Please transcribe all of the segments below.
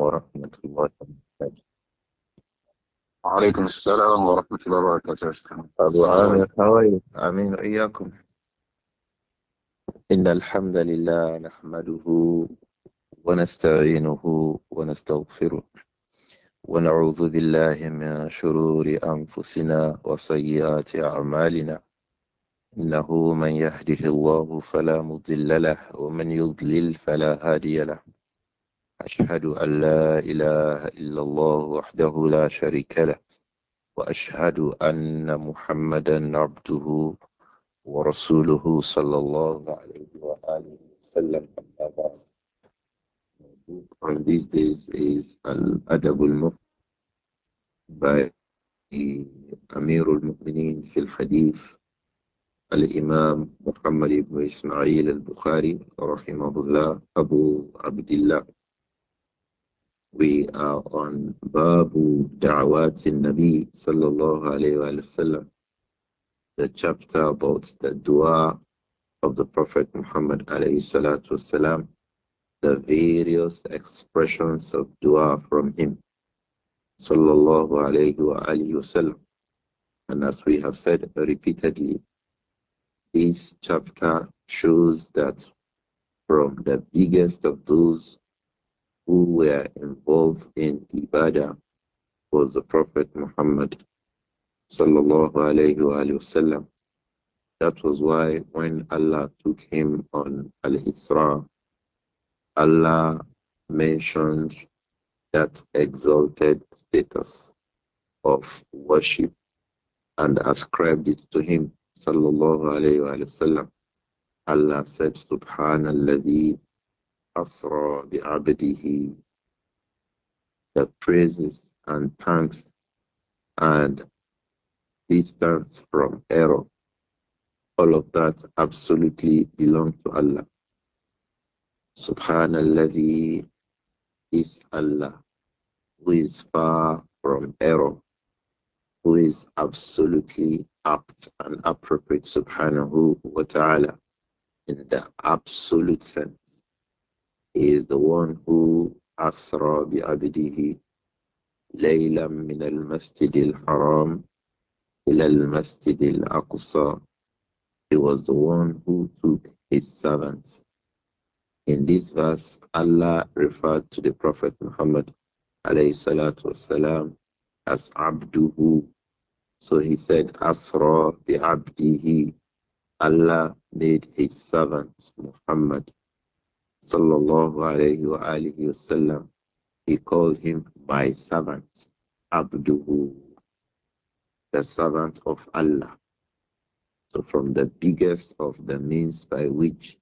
ورحمة الله وبركاته وعليكم السلام ورحمة الله وبركاته أبو عامر حوالي آمين إياكم إن الحمد لله نحمده ونستعينه ونستغفره ونعوذ بالله من شرور أنفسنا وسيئات أعمالنا إنه من يهده الله فلا مضل له ومن يضلل فلا هادي له أشهد أن لا إله إلا الله وحده لا شريك له وأشهد أن محمدا عبده ورسوله صلى الله عليه وآله وسلم أما بعد on these days is Al-Adab al-Mufti by Amir al-Mu'minin في hadith al imam muhammad ibn ismail al bukhari rahimahullah abu abdullah We are on Babu Da'watin Nabi sallallahu alayhi wasallam, the chapter about the dua of the Prophet Muhammad alayhi salatu salam, the various expressions of dua from him sallallahu alayhi wasallam. And as we have said repeatedly, this chapter shows that from the biggest of those who were involved in ibadah was the Prophet Muhammad sallallahu alayhi sallam. That was why when Allah took him on Al Isra, Allah mentioned that exalted status of worship and ascribed it to him sallallahu alayhi sallam. Allah said Subhanallah, asra the abdihi. The praises and thanks and distance from error. All of that absolutely belong to Allah. Subhanallah is Allah, who is far from error, who is absolutely apt and appropriate, subhanahu wa ta'ala, in the absolute sense is the one who asra bi abdihi laylan min al-masjid al-haram ila al-masjid al-aqsa. He was the one who took his servant. In this verse, Allah referred to the Prophet Muhammad alayhi salatu wasalam, as abduhu. So he said, asra bi abdihi. Allah made his servant Muhammad sallallahu alayhi wa alihi wasallam, he called him by servant, Abduhu, the servant of Allah. So from the biggest of the means by which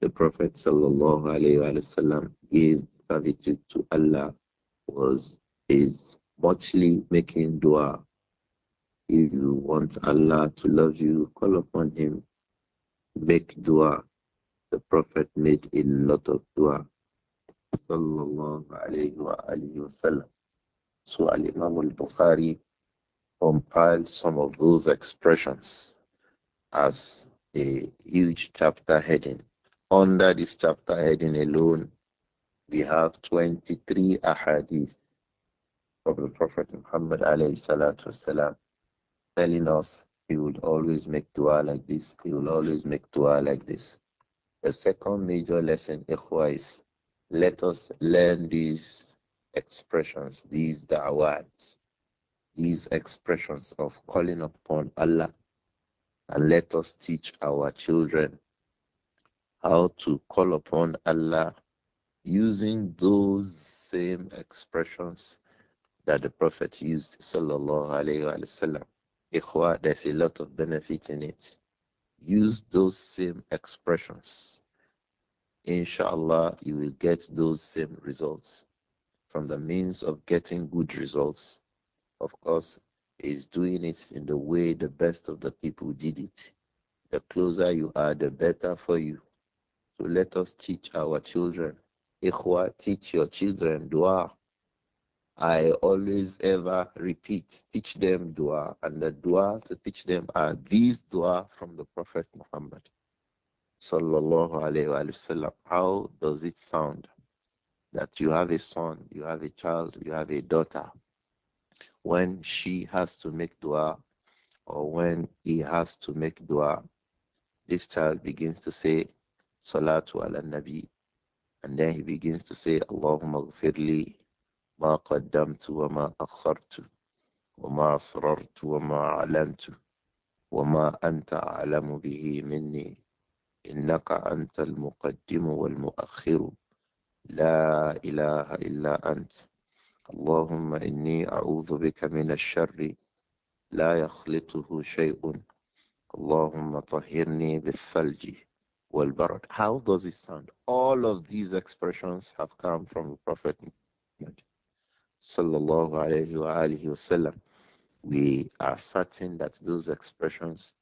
the Prophet sallallahu alayhi wa sallam gave servitude to Allah was his muchly making dua. If you want Allah to love you, call upon Him, make dua the Prophet made a lot of dua. Sallallahu alayhi wa alayhi wa sallam. So Al Imam al Bukhari compiled some of those expressions as a huge chapter heading. Under this chapter heading alone, we have 23 ahadith of the Prophet Muhammad والسلام, telling us he would always make dua like this, he will always make dua like this. The second major lesson, Ikhwa, is let us learn these expressions, these da'wats, these expressions of calling upon Allah, and let us teach our children how to call upon Allah using those same expressions that the Prophet used, sallallahu alayhi wa sallam. Ikhwa, there's a lot of benefit in it use those same expressions. Inshallah, you will get those same results. From the means of getting good results, of course, is doing it in the way the best of the people did it. The closer you are, the better for you. So let us teach our children. Ikhwa, teach your children dua. I always ever repeat, teach them dua, and the dua to teach them are these dua from the Prophet Muhammad. Sallallahu alayhi Wasallam. Wa How does it sound? That you have a son, you have a child, you have a daughter. When she has to make dua, or when he has to make dua, this child begins to say, Salatu ala Nabi, and then he begins to say, Allahumma gfirli ما قدمت وما أخرت وما أسررت وما أعلنت وما أنت أعلم به مني إنك أنت المقدم والمؤخر لا إله إلا أنت اللهم إني أعوذ بك من الشر لا يخلطه شيء اللهم طهرني بالثلج والبرد How does it sound? All of these expressions have come from the Prophet Muhammad sallallahu alayhi wa alihi wasallam. We are certain that those expressions,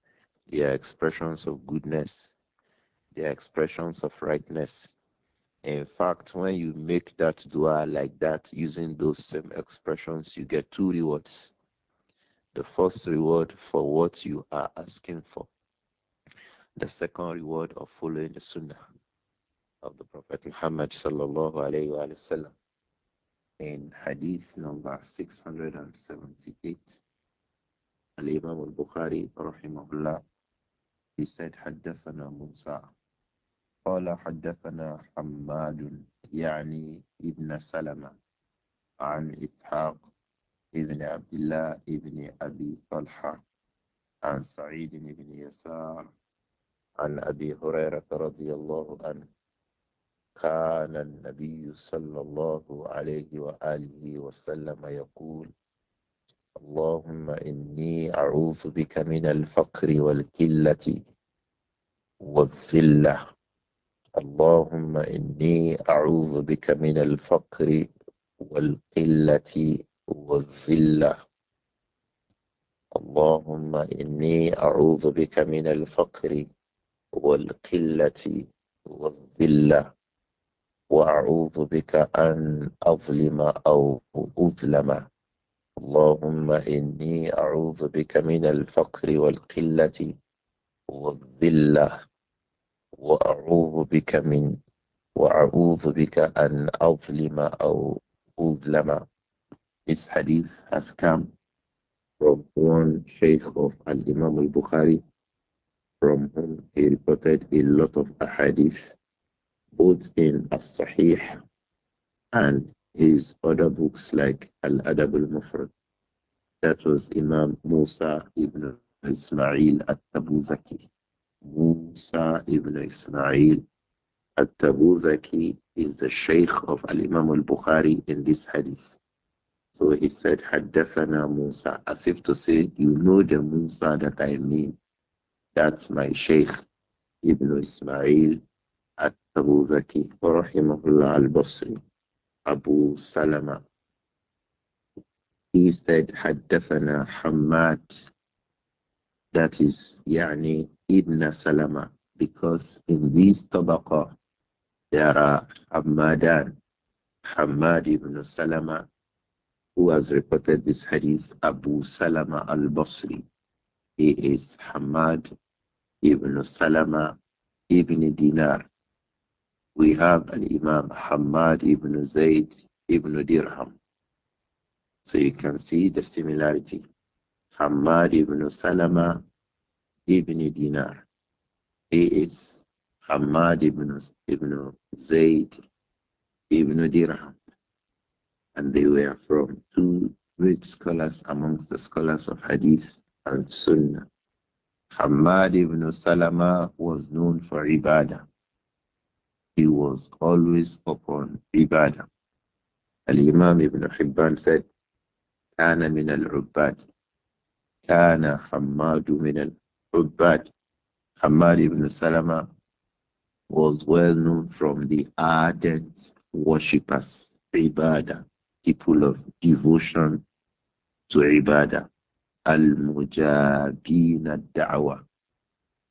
they are expressions of goodness, they are expressions of rightness. In fact, when you make that dua like that, using those same expressions, you get two rewards. The first reward for what you are asking for. The second reward of following the sunnah of the Prophet Muhammad sallallahu alayhi wa sallam in hadith number 678 al-imam al-bukhari rahimahullah he said حدثنا موسى قال حدثنا حماد يعني ابن سلمة عن إسحاق ابن عبد الله ابن أبي طلحة عن سعيد بن يسار عن أبي هريرة رضي الله عنه كان النبي صلى الله عليه وآله وسلم يقول اللهم إني أعوذ بك من الفقر والكلة والذلة اللهم إني أعوذ بك من الفقر والقلة والذلة اللهم إني أعوذ بك من الفقر والقلة والذلة وأعوذ بك أن أظلم أو أظلم اللهم إني أعوذ بك من الفقر والقلة والذلة وأعوذ بك من وأعوذ بك أن أظلم أو أظلم This hadith has come from one Shaykh of Al-Imam Al-Bukhari from whom he reported a lot of hadith both in As-Sahih and his other books like Al-Adab al-Mufrad. That was Imam Musa ibn Ismail al-Tabuzaki. Musa ibn Ismail al-Tabuzaki is the Shaykh of Al-Imam al-Bukhari in this hadith. So he said, Haddathana Musa, as if to say, you know the Musa that I mean. That's my Shaykh ibn Ismail Abu Zaki, rahimahullah al-Basri, Abu Salama. He said, Haddathana Hamad, that is, Yani Ibn Salama, because in this tabaqah, there are Hamadan, Hamad ibn Salama, who has reported this hadith, Abu Salama al-Basri. He is Hamad ibn Salama ibn Dinar we have an Imam Hamad ibn Zayd ibn Dirham. So you can see the similarity. Hamad ibn Salama ibn Dinar. He is Hamad ibn, ibn Zayd ibn Dirham. And they were from two great scholars amongst the scholars of Hadith and Sunnah. Hamad ibn Salama was known for Ibadah he was always upon ibadah. Al-Imam Ibn Hibban said, كان من العباد hamadu حماد من العباد Hamad ibn Salama was well known from the ardent worshippers, Ibadah, people of devotion to Ibadah, Al-Mujabin al-Da'wah,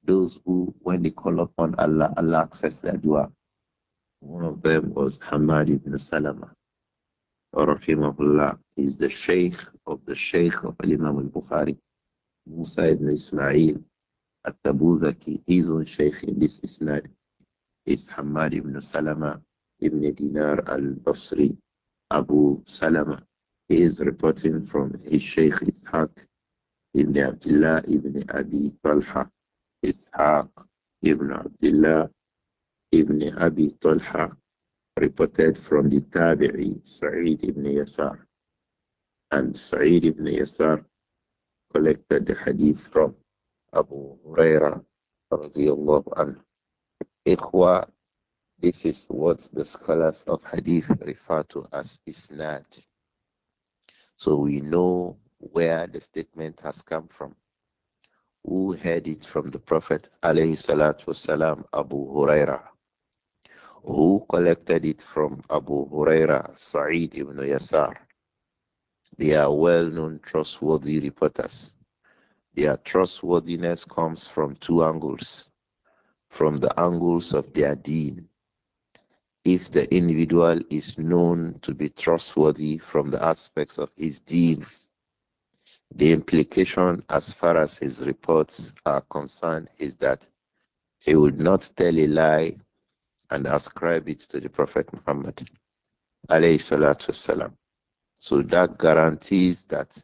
those who, when they call upon Allah, Allah accepts their dua. One of them was Hamad ibn Salama. Rahimahullah is the Sheikh of the Sheikh of Imam al Bukhari, Musa ibn Ismail at Tabuzaki, his own Sheikh in this Isnad is Hamad ibn Salama ibn Dinar al Basri, Abu Salama. He is reporting from his Sheikh Ishaq ibn Abdullah ibn Abi Talha, Ishaq ibn Abdullah ibn Abi Talha reported from the Tabi'i Sa'id ibn Yasar. And Sa'id ibn Yasar collected the hadith from Abu Huraira radiallahu anhu. Ikhwa, this is what the scholars of hadith refer to as isnad. So we know where the statement has come from. Who heard it from the Prophet alayhi salatu wasalam, Abu Huraira who collected it from Abu Huraira, Sa'id ibn Yasar. They are well-known trustworthy reporters. Their trustworthiness comes from two angles, from the angles of their deen. If the individual is known to be trustworthy from the aspects of his deen, the implication as far as his reports are concerned is that he would not tell a lie and ascribe it to the Prophet Muhammad. So that guarantees that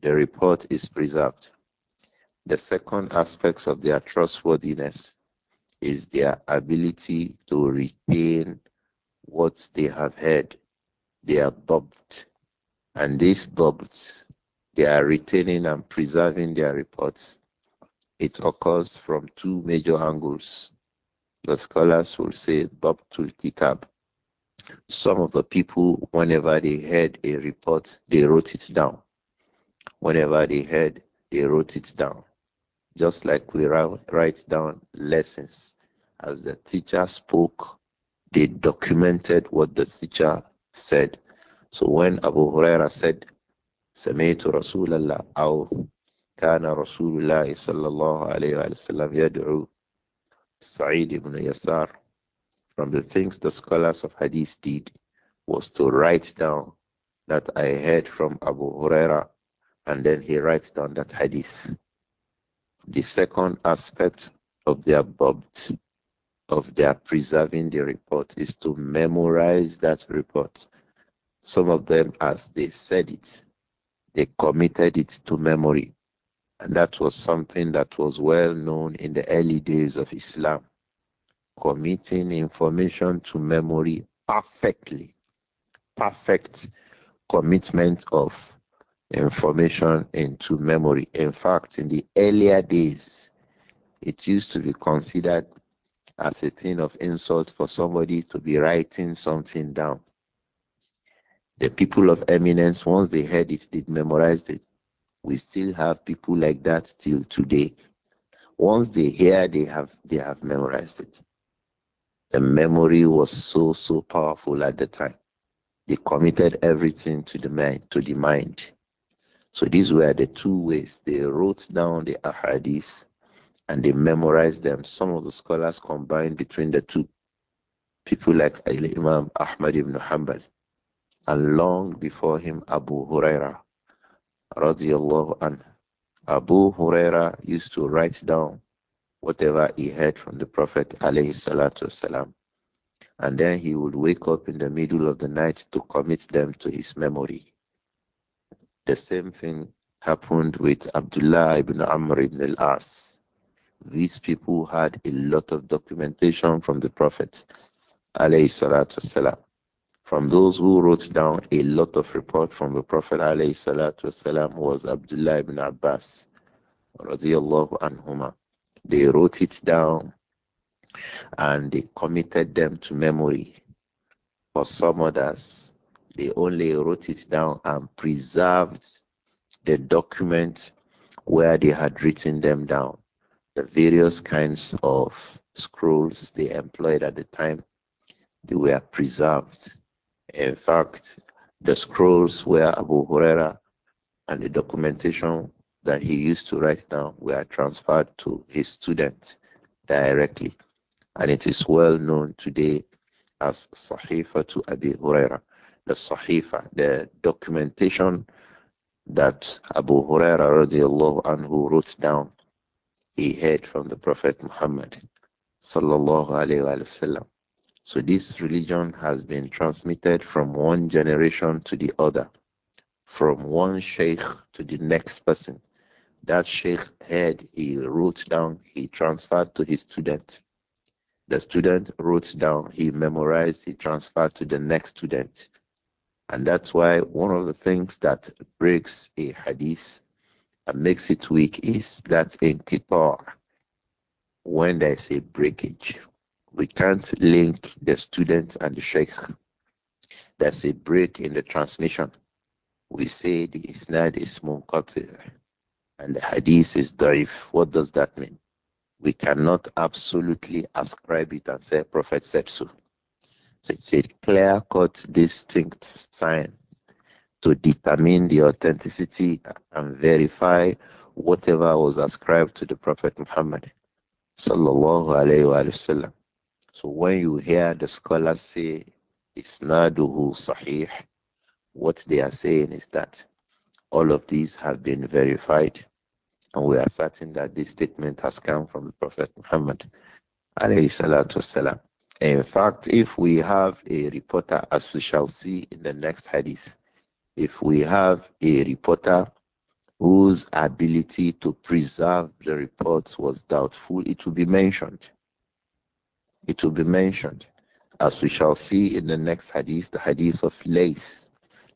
the report is preserved. The second aspect of their trustworthiness is their ability to retain what they have heard. They are dubbed. And these dubbed, they are retaining and preserving their reports. It occurs from two major angles. The scholars will say Dabtul Kitab. Some of the people, whenever they heard a report, they wrote it down. Whenever they heard, they wrote it down. Just like we write down lessons. As the teacher spoke, they documented what the teacher said. So when Abu Huraira said, سمعت رسول الله أو كان رسول الله صلى الله عليه وسلم يدعو Sa'id ibn Yasar, from the things the scholars of Hadith did was to write down that I heard from Abu Huraira, and then he writes down that Hadith. The second aspect of their of their preserving the report, is to memorize that report. Some of them, as they said it, they committed it to memory. And that was something that was well known in the early days of Islam. Committing information to memory perfectly. Perfect commitment of information into memory. In fact, in the earlier days, it used to be considered as a thing of insult for somebody to be writing something down. The people of eminence, once they heard it, did memorize it. We still have people like that till today. Once they hear, they have they have memorized it. The memory was so so powerful at the time. They committed everything to the mind to the mind. So these were the two ways they wrote down the ahadith and they memorized them. Some of the scholars combined between the two. People like Imam Ahmad ibn Hanbal and long before him Abu Huraira radiallahu anhu. Abu Huraira used to write down whatever he heard from the Prophet alayhi salatu wasalam. And then he would wake up in the middle of the night to commit them to his memory. The same thing happened with Abdullah ibn Amr ibn al-As. These people had a lot of documentation from the Prophet alayhi salatu wasalam. From those who wrote down a lot of report from the Prophet والسلام, was Abdullah ibn Abbas radiallahu anhuma. They wrote it down and they committed them to memory. For some others, they only wrote it down and preserved the document where they had written them down. The various kinds of scrolls they employed at the time, they were preserved. In fact, the scrolls where Abu Huraira and the documentation that he used to write down were transferred to his student directly. And it is well known today as Sahifa to Abu Huraira. The Sahifa, the documentation that Abu Huraira radiallahu anhu wrote down, he heard from the Prophet Muhammad sallallahu alayhi wa sallam. So this religion has been transmitted from one generation to the other, from one sheikh to the next person. That sheikh had, he wrote down, he transferred to his student. The student wrote down, he memorized, he transferred to the next student. And that's why one of the things that breaks a hadith and makes it weak is that in kitar, when there is a breakage, we can't link the student and the sheikh. There's a break in the transmission. We say the isnad is munqati and the hadith is da'if. What does that mean? We cannot absolutely ascribe it and say Prophet said so. So it's a clear-cut, distinct sign to determine the authenticity and verify whatever was ascribed to the Prophet Muhammad sallallahu alaihi wasallam. So when you hear the scholars say isnaduhu sahih, what they are saying is that all of these have been verified, and we are certain that this statement has come from the Prophet Muhammad In fact, if we have a reporter, as we shall see in the next hadith, if we have a reporter whose ability to preserve the reports was doubtful, it will be mentioned. It will be mentioned, as we shall see in the next hadith, the hadith of Lays,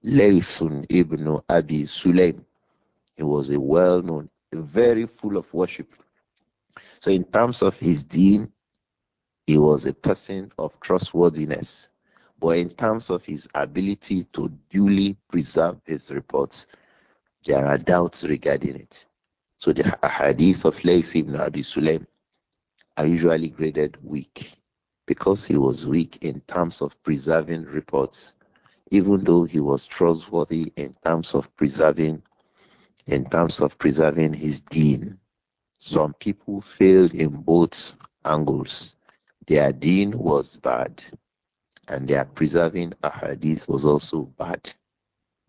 Laysun ibn Abi Sulaim. He was a well known, very full of worship. So, in terms of his deen, he was a person of trustworthiness. But in terms of his ability to duly preserve his reports, there are doubts regarding it. So the hadith of Lays ibn Abi Sulaim are usually graded weak because he was weak in terms of preserving reports, even though he was trustworthy in terms of preserving in terms of preserving his dean. Some people failed in both angles. Their dean was bad, and their preserving ahadith was also bad.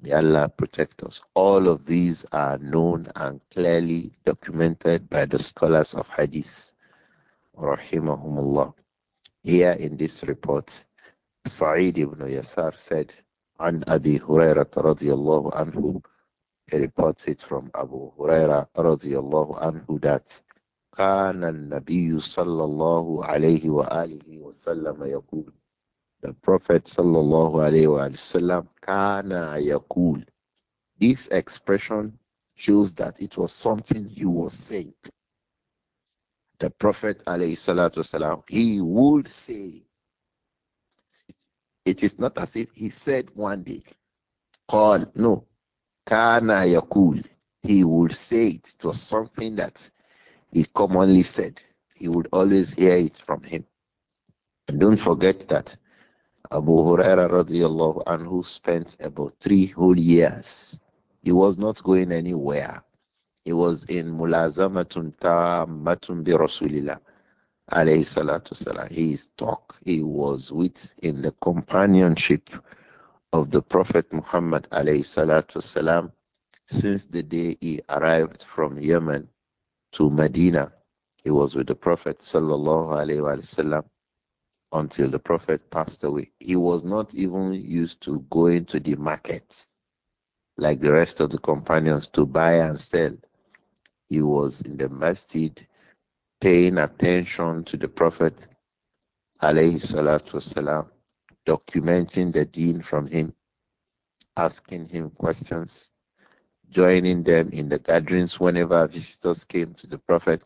May Allah protect us. All of these are known and clearly documented by the scholars of hadith rahimahumullah. Here in this report, Sa'id ibn Yasar said, An Abi Huraira radiallahu anhu, he reports it from Abu Huraira radiallahu anhu that كان النبي صلى الله عليه وآله وسلم يقول The Prophet صلى الله عليه وآله وسلم كان يقول This expression shows that it was something he was saying the Prophet والسلام, he would say, it is not as if he said one day, call, no, kana yakul. He would say it. It was something that he commonly said. He would always hear it from him. And don't forget that Abu Huraira radiallahu anhu spent about three whole years. He was not going anywhere. He was in Mulazamatun Tammatun bi Rasulillah alayhi salatu salam. His talk, he was with in the companionship of the Prophet Muhammad alayhi salatu salam since the day he arrived from Yemen to Medina. He was with the Prophet sallallahu alayhi wasallam until the Prophet passed away. He was not even used to going to the markets like the rest of the companions to buy and sell he was in the masjid paying attention to the Prophet alayhi salatu wasalam, documenting the deen from him, asking him questions, joining them in the gatherings whenever visitors came to the Prophet,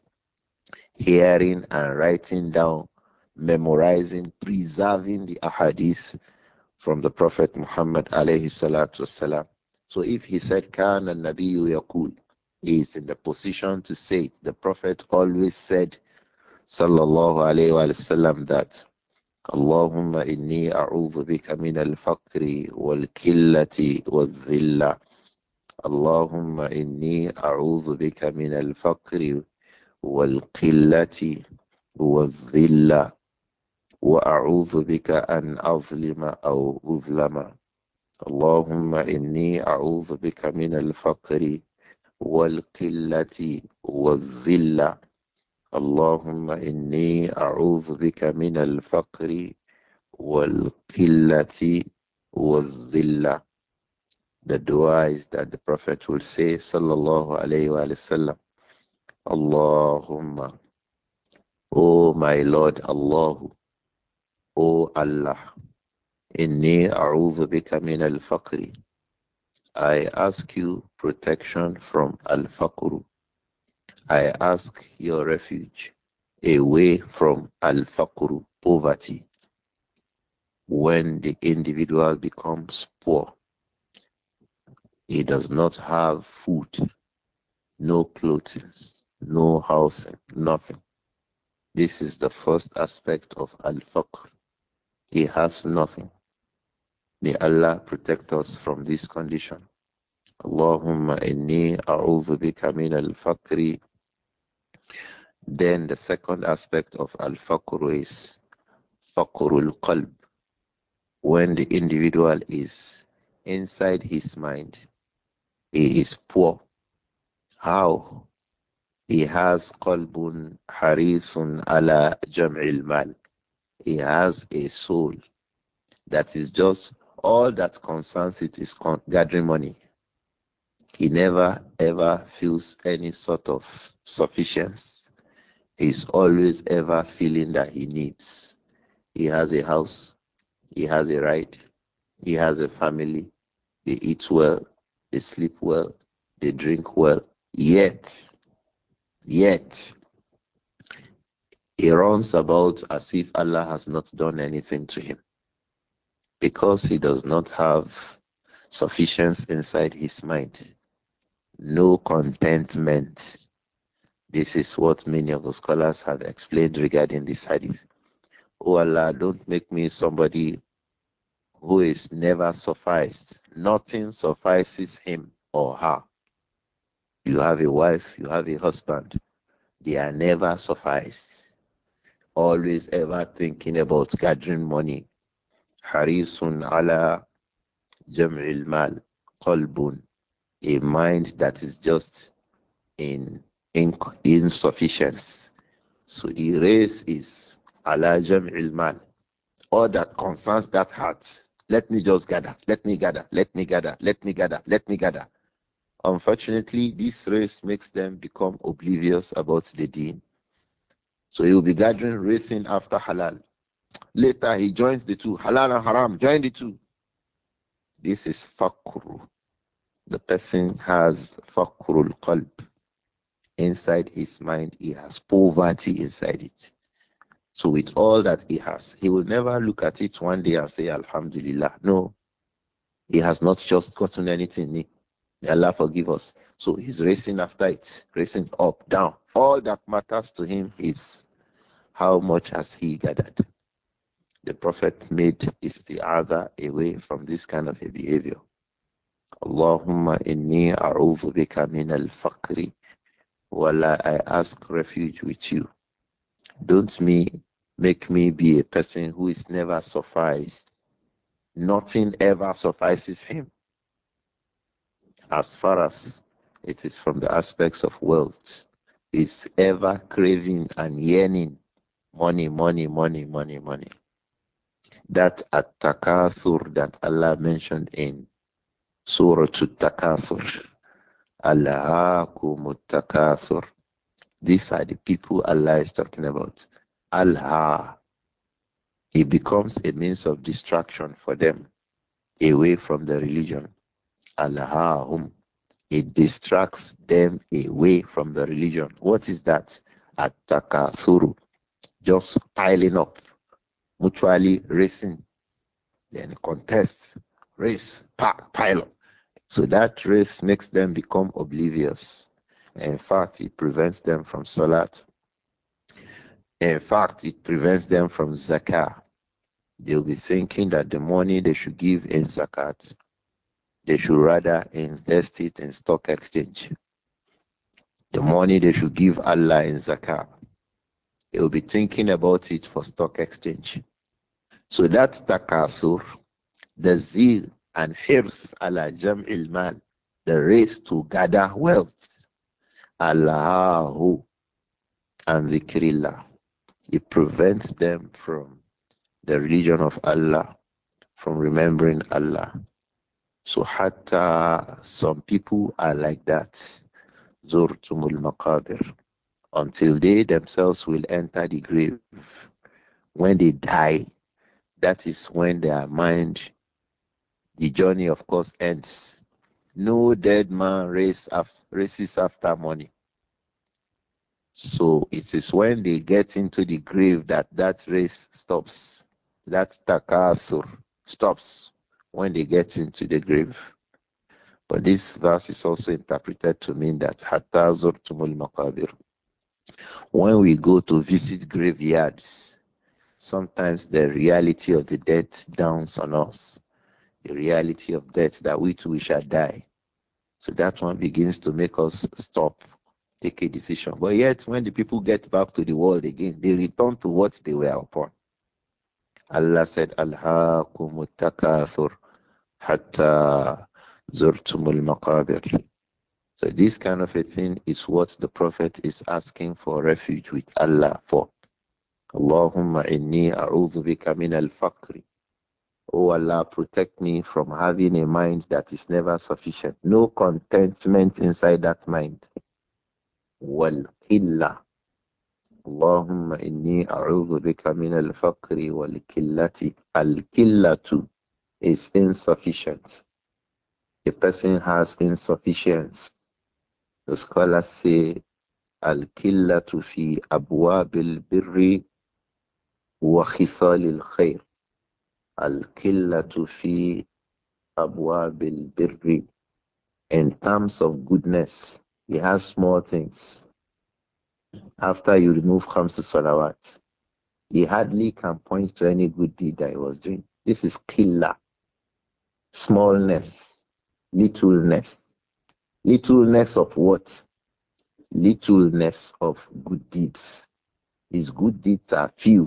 hearing and writing down, memorizing, preserving the ahadith from the Prophet Muhammad alayhi salatu wasalam. So if he said, كان Nabiyyu يقول is in the position to say it. The Prophet always said, Sallallahu Alaihi Wasallam, that Allahumma inni a'udhu bika min al-faqri wal-killati wal-dhilla. Allahumma inni a'udhu bika min al-faqri wal-killati wal-dhilla. وأعوذ بك أن أظلم أو أظلم اللهم إني أعوذ بك من الفقر والقلة والذلة اللهم إني أعوذ بك من الفقر والقلة والذلة The dua is that the Prophet will say sallallahu اللَّهُ عَلَيْهِ sallam اللَّهُمَّ. Oh my Lord Allah. Oh Allah إني أعوذ بك من الفقر. I ask you protection from Al Fakuru. I ask your refuge away from Al Fakuru, poverty. When the individual becomes poor, he does not have food, no clothing, no housing, nothing. This is the first aspect of Al Fakr. He has nothing. May Allah protect us from this condition. Allahumma inni a'udhu bika min al-faqri. Then the second aspect of al-faqr is faqrul qalb. When the individual is inside his mind, he is poor. How? He has qalbun harisun ala jam'il mal. He has a soul that is just all that concerns it is gathering money. He never ever feels any sort of sufficiency. He's always ever feeling that he needs. He has a house, he has a right, he has a family, they eat well, they sleep well, they drink well. Yet, yet, he runs about as if Allah has not done anything to him because he does not have sufficiency inside his mind, no contentment. This is what many of the scholars have explained regarding this hadith. Oh Allah, don't make me somebody who is never sufficed. Nothing suffices him or her. You have a wife, you have a husband. They are never sufficed. Always ever thinking about gathering money, حريص على جمع المال قلب a mind that is just in insufficiency. So the race is ala جمع المال all that concerns that heart. Let me just gather, let me gather, let me gather, let me gather, let me gather. Unfortunately, this race makes them become oblivious about the deen. So you'll be gathering, racing after halal, Later he joins the two, halal and haram, join the two. This is fakru. The person has al qalb. Inside his mind, he has poverty inside it. So with all that he has, he will never look at it one day and say, Alhamdulillah. No, he has not just gotten anything. May Allah forgive us. So he's racing after it, racing up, down. All that matters to him is how much has he gathered the Prophet made is the other away from this kind of a behavior. Allahumma inni a'udhu bika min al fakri wala I ask refuge with you. Don't me make me be a person who is never sufficed. Nothing ever suffices him. As far as it is from the aspects of wealth, is ever craving and yearning money, money, money, money, money that at-takathur that Allah mentioned in Surah At-Takathur. Allahakum takathur These are the people Allah is talking about. Allah. It becomes a means of distraction for them away from the religion. Allahum. It distracts them away from the religion. What is that? At-takathur. Just piling up mutually racing, then contest, race, pack, pile up. So that race makes them become oblivious. In fact, it prevents them from salat. In fact, it prevents them from zakah. They'll be thinking that the money they should give in zakat, they should rather invest it in stock exchange. The money they should give Allah in zakah, they'll be thinking about it for stock exchange. So that takasur, the zeal and hirs ala jam'il mal, the race to gather wealth. Allahu and dhikrillah. It prevents them from the religion of Allah, from remembering Allah. So hatta some people are like that. Zurtumul maqabir. Until they themselves will enter the grave. When they die, that is when their mind, the journey of course ends. No dead man race af- races after money. So it is when they get into the grave that that race stops. That takasur stops when they get into the grave. But this verse is also interpreted to mean that hatazur zurtumul makabir. When we go to visit graveyards, sometimes the reality of the death downs on us, the reality of death that we too we shall die. So that one begins to make us stop, take a decision. But yet, when the people get back to the world again, they return to what they were upon. Allah said, Alhaakum takathur hatta zurtumul maqabir. So this kind of a thing is what the Prophet is asking for refuge with Allah for. Allahumma inni a'udhu bika min al-faqri. Oh Allah, protect me from having a mind that is never sufficient. No contentment inside that mind. Wal killa. Allahumma inni a'udhu bika min al-faqri wal killati. Al-killatu is insufficient. A person has insufficiency. The scholars say al-killatu fi bil birri وخصال الخير القلة في أبواب البر in terms of goodness he has small things after you remove Khams Salawat he hardly can point to any good deed that he was doing this is killa smallness littleness littleness of what littleness of good deeds his good deeds are few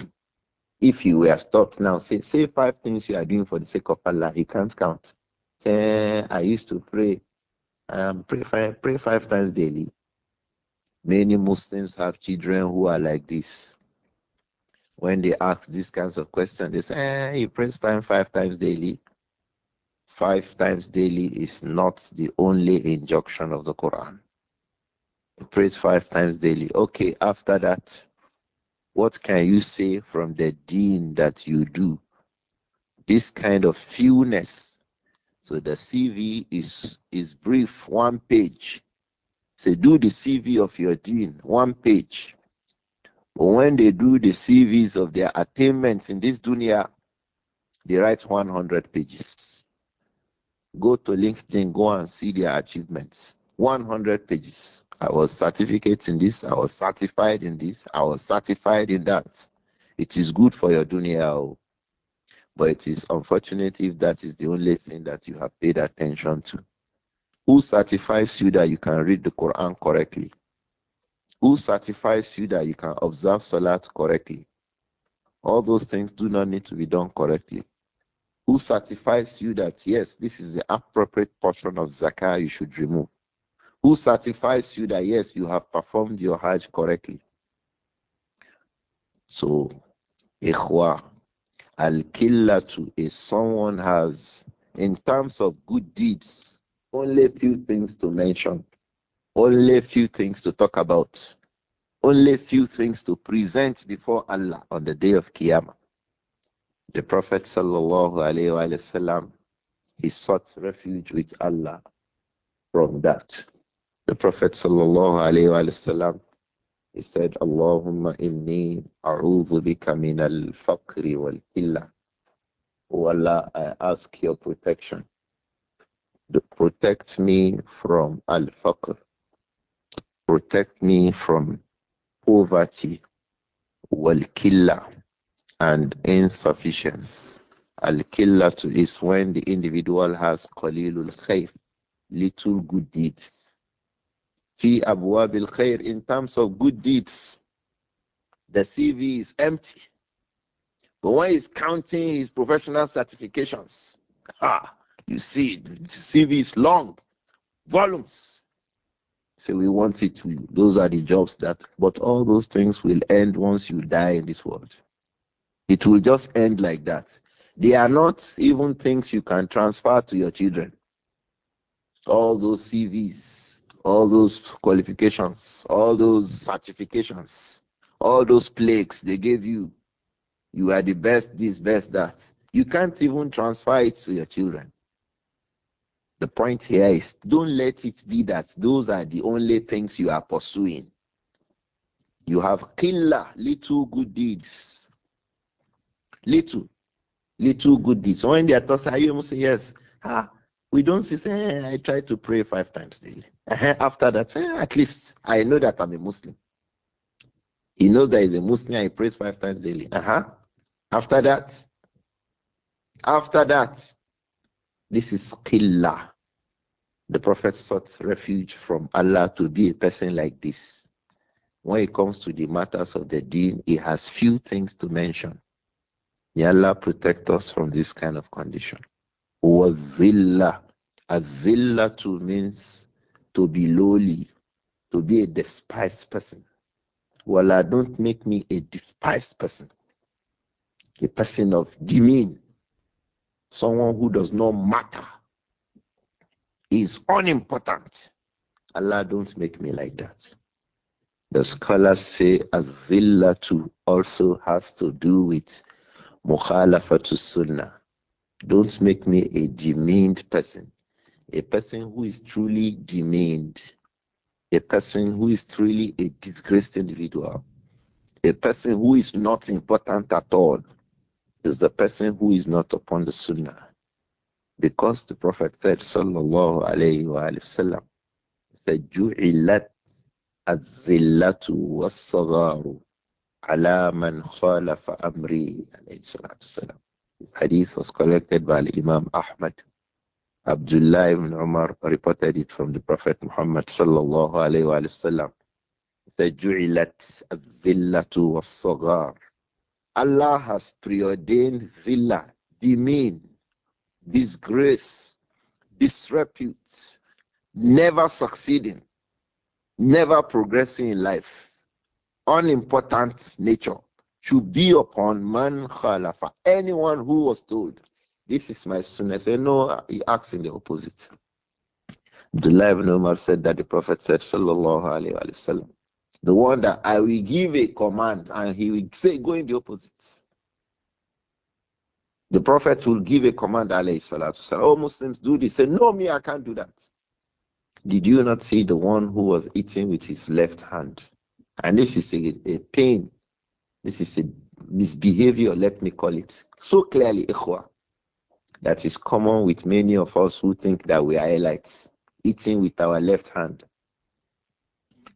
if you were stopped now, say, say five things you are doing for the sake of Allah, He can't count. Say, I used to pray, um, pray, five, pray five times daily. Many Muslims have children who are like this. When they ask these kinds of questions, they say, eh, he prays time five times daily. Five times daily is not the only injunction of the Quran. He prays five times daily. Okay, after that, what can you say from the deen that you do? This kind of fewness. So the CV is is brief, one page. Say do the CV of your deen, one page. But when they do the CVs of their attainments in this dunya, they write 100 pages. Go to LinkedIn, go and see their achievements. 100 pages. I was certificate in this, I was certified in this, I was certified in that. It is good for your dunya, oh. but it is unfortunate if that is the only thing that you have paid attention to. Who certifies you that you can read the Quran correctly? Who certifies you that you can observe Salat correctly? All those things do not need to be done correctly. Who certifies you that, yes, this is the appropriate portion of zakah you should remove? who certifies you that yes, you have performed your Hajj correctly. So, ikhwa, al killatu is someone has, in terms of good deeds, only a few things to mention, only a few things to talk about, only a few things to present before Allah on the day of Qiyamah. The Prophet sallallahu he sought refuge with Allah from that. The Prophet وسلم, he said, Allahumma inni a'udhu bika min al-faqri wal-illa. Oh Allah, I ask your protection. To protect me from al-faqr. Protect me from poverty, wal-killa, and insufficiency. Al-killa is when the individual has qalilul khayr, little good deeds fi abwabil khair in terms of good deeds. The CV is empty. But when he's counting his professional certifications, ah, you see, the CV is long, volumes. So we want it to, those are the jobs that, but all those things will end once you die in this world. It will just end like that. They are not even things you can transfer to your children. All those CVs all those qualifications, all those certifications, all those plagues they gave you. You are the best, this, best, that. You can't even transfer it to your children. The point here is don't let it be that those are the only things you are pursuing. You have killer, little good deeds. Little, little good deeds. When they are tossed, I even say, Yes, ah, we don't say, eh, I try to pray five times daily. Uh-huh. After that, eh, at least I know that I'm a Muslim. He knows that he's a Muslim he prays five times daily. Uh huh. After that, after that, this is qillah. The Prophet sought refuge from Allah to be a person like this. When it comes to the matters of the deen, he has few things to mention. May Allah protect us from this kind of condition. Wazilla. Azilla to means to be lowly, to be a despised person. Wallah, don't make me a despised person, a person of demean, someone who does not matter, is unimportant. Allah, don't make me like that. The scholars say azilla too also has to do with mukhalafatu sunnah. Don't make me a demeaned person a person who is truly demeaned, a person who is truly a disgraced individual, a person who is not important at all, is the person who is not upon the sunnah. Because the Prophet said, Sallallahu Alaihi Wasallam, said, Ju'ilat الذلة والصغار على من خالف أمري alayhi salatu salam. This hadith was collected by Imam Ahmad Abdullah ibn Umar reported it from the Prophet Muhammad sallallahu alayhi wa sallam. فَجُعِلَتْ الذِّلَّةُ وَالصَّغَارُ Allah has preordained zillah, demean, disgrace, disrepute, never succeeding, never progressing in life, unimportant nature to be upon man khalafa, anyone who was told this is my sunnah. Say, no, he acts in the opposite. Abdullah ibn Umar said that the Prophet said, Sallallahu Alaihi Wasallam, the one that I will give a command and he will say, go in the opposite. The Prophet will give a command, alayhi salatu salam. Oh, Muslims, do this. Say, no, me, I can't do that. Did you not see the one who was eating with his left hand? And this is a, a pain. This is a misbehavior, let me call it. So clearly, ikhwa. That is common with many of us who think that we are elites, eating with our left hand.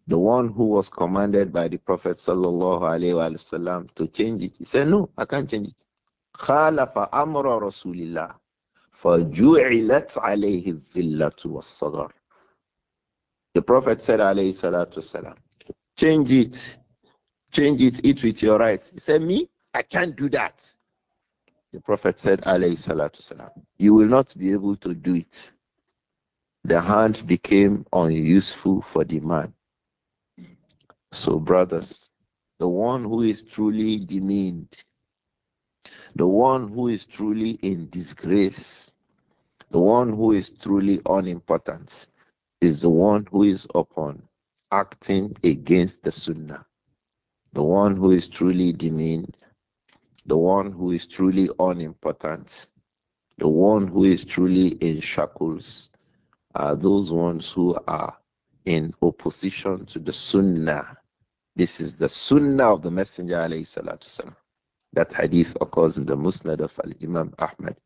The one who was commanded by the Prophet وسلم, to change it, he said, No, I can't change it. خالف أمر رسول الله فجعلت عليه الْظِلَّةُ وَالصَّدْرُ. The Prophet said عليه الصلاة والسلام Change it, change it, eat with your right. He said, Me? I can't do that. The Prophet said, you will not be able to do it. The hand became unuseful for the man. So, brothers, the one who is truly demeaned, the one who is truly in disgrace, the one who is truly unimportant, is the one who is upon acting against the Sunnah. The one who is truly demeaned, the one who is truly unimportant, the one who is truly in shackles, are those ones who are in opposition to the sunnah. This is the sunnah of the Messenger That hadith occurs in the Musnad of Al Imam Ahmad.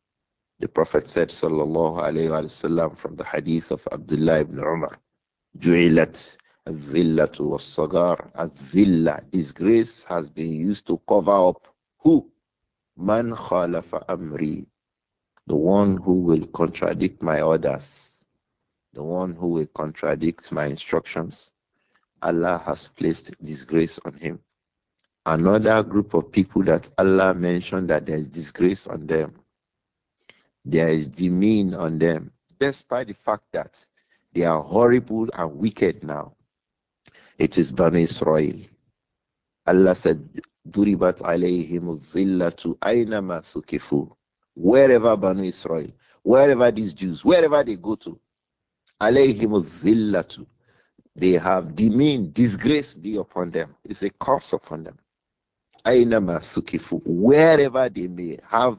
The Prophet said, sallallahu alayhi wasallam, from the hadith of Abdullah ibn Umar, "Ju'ilat al-dhillatu was-sagar." al grace disgrace, has been used to cover up who? Man khalafa amri. The one who will contradict my orders. The one who will contradict my instructions. Allah has placed disgrace on him. Another group of people that Allah mentioned that there is disgrace on them. There is demean on them, despite the fact that they are horrible and wicked now. It is Banu Israel. Allah said, wherever Banu Israel wherever these Jews wherever they go to عليهم الظلة they have demeaned disgrace be upon them it's a curse upon them Aynama ثقفوا wherever they may have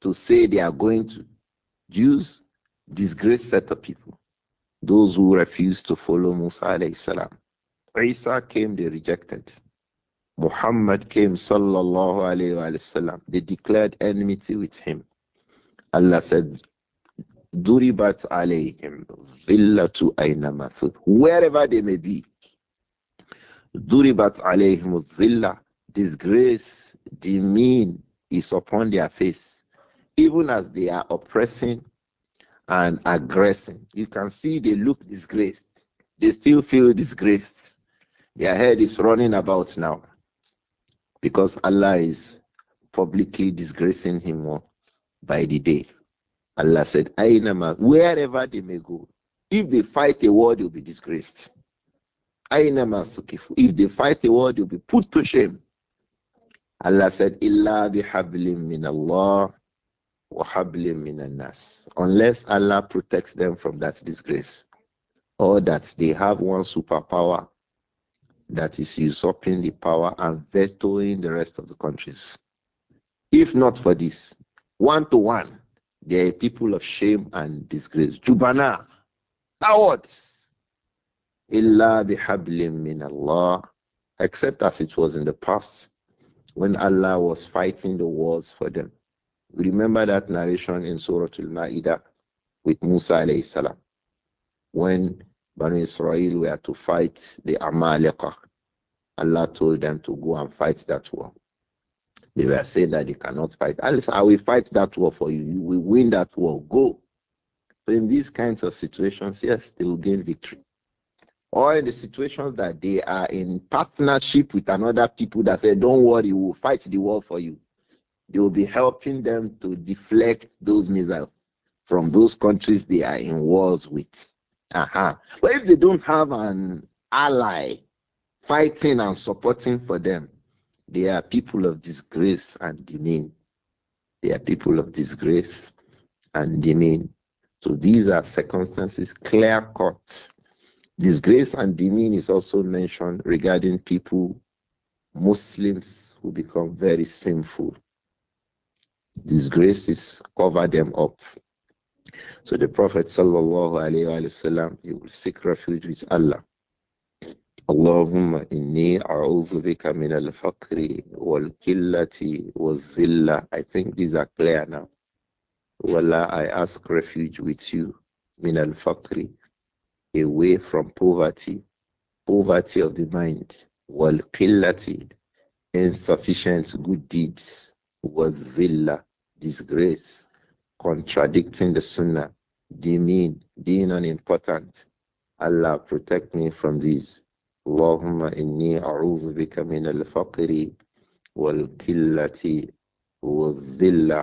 to say they are going to Jews disgraced set of people those who refused to follow Musa alayhi salam Isa came they rejected Muhammad came sallallahu alayhi wa sallam. They declared enmity with him. Allah said, Duribat alayhim zillatu aynama Wherever they may be. Duribat alayhim zillah. Disgrace, demean is upon their face. Even as they are oppressing and aggressing. You can see they look disgraced. They still feel disgraced. Their head is running about now because Allah is publicly disgracing him by the day. Allah said, Aynama, wherever they may go, if they fight a war, they'll be disgraced. Aynama sukifu, if they fight a war, they'll be put to shame. Allah said, Illa bihablim min Allah wa hablim min nas. Unless Allah protects them from that disgrace, or that they have one superpower that is usurping the power and vetoing the rest of the countries. If not for this, one to one, they are people of shame and disgrace. Jubana, cowards. Illa bihablim min Allah, except as it was in the past when Allah was fighting the wars for them. Remember that narration in Surah Al Ma'idah with Musa alayhi salam when Bani Israel were to fight the Amalek, Allah told them to go and fight that war. They were saying that they cannot fight. Ah, said, I will fight that war for you. You will win that war. Go. So in these kinds of situations, yes, they will gain victory. Or in the situations that they are in partnership with another people that say, Don't worry, we'll fight the war for you. They will be helping them to deflect those missiles from those countries they are in wars with. Uh-huh. But if they don't have an ally fighting and supporting for them, they are people of disgrace and demean. They are people of disgrace and demean. So these are circumstances clear cut. Disgrace and demean is also mentioned regarding people, Muslims who become very sinful. Disgrace is cover them up. So the Prophet sallallahu alayhi he will seek refuge with Allah. اللهم إني أعوذ بك من الفقر والكلة والذلة I think these are clear now Wallah I ask refuge with you من الفقر away from poverty poverty of the mind والقلة insufficient good deeds والذلة disgrace contradicting the Sunnah, demean, being unimportant. Allah protect me from these. Allahumma inni a'udhu bika min al-faqri wal-killati wal-dhilla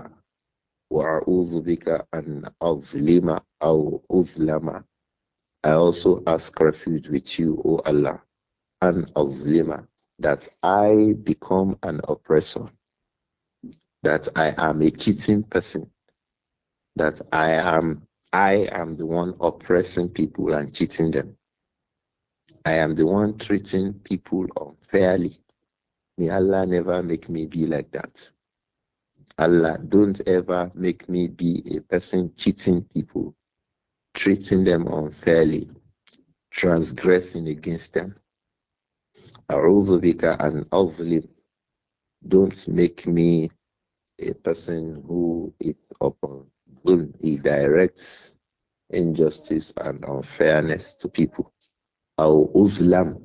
wa'a'udhu bika an azlima aw uzlama. I also ask refuge with you, O Allah, an azlima, that I become an oppressor, that I am a cheating person, that I am I am the one oppressing people and cheating them. I am the one treating people unfairly. May Allah never make me be like that. Allah, don't ever make me be a person cheating people, treating them unfairly, transgressing against them. A'udhu bika an azlim. Don't make me a person who is upon when he directs injustice and unfairness to people. Our Uzlam,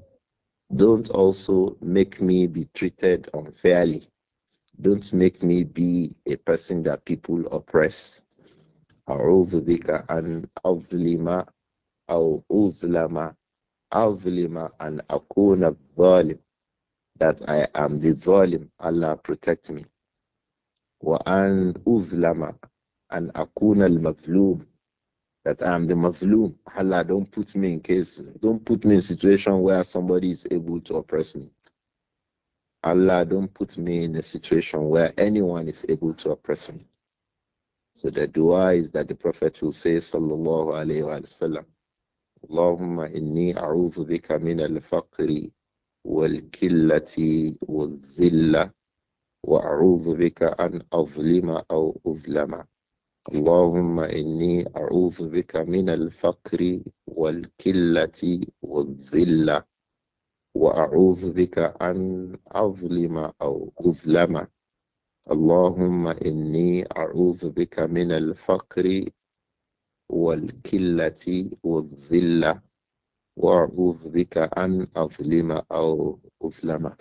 don't also make me be treated unfairly. Don't make me be a person that people oppress. Our بك and Uzlima, our أظلم أظلم and Akuna الظالم that I am the zalim Allah protect me وأن أظلم and akuna al-mazlum that I am the Muslim. Allah, don't put me in case, don't put me in situation where somebody is able to oppress me. Allah, don't put me in a situation where anyone is able to oppress me. So the dua is that the Prophet will say, Sallallahu Alaihi Wasallam, Allahumma inni a'udhu bika min al-faqri wal-killati wal-zilla wa a'udhu bika an azlima aw uzlama. اللهم إني أعوذ بك من الفقر والكلة والذلة وأعوذ بك أن أظلم أو أظلم اللهم إني أعوذ بك من الفقر والكلة والذلة وأعوذ بك أن أظلم أو أظلم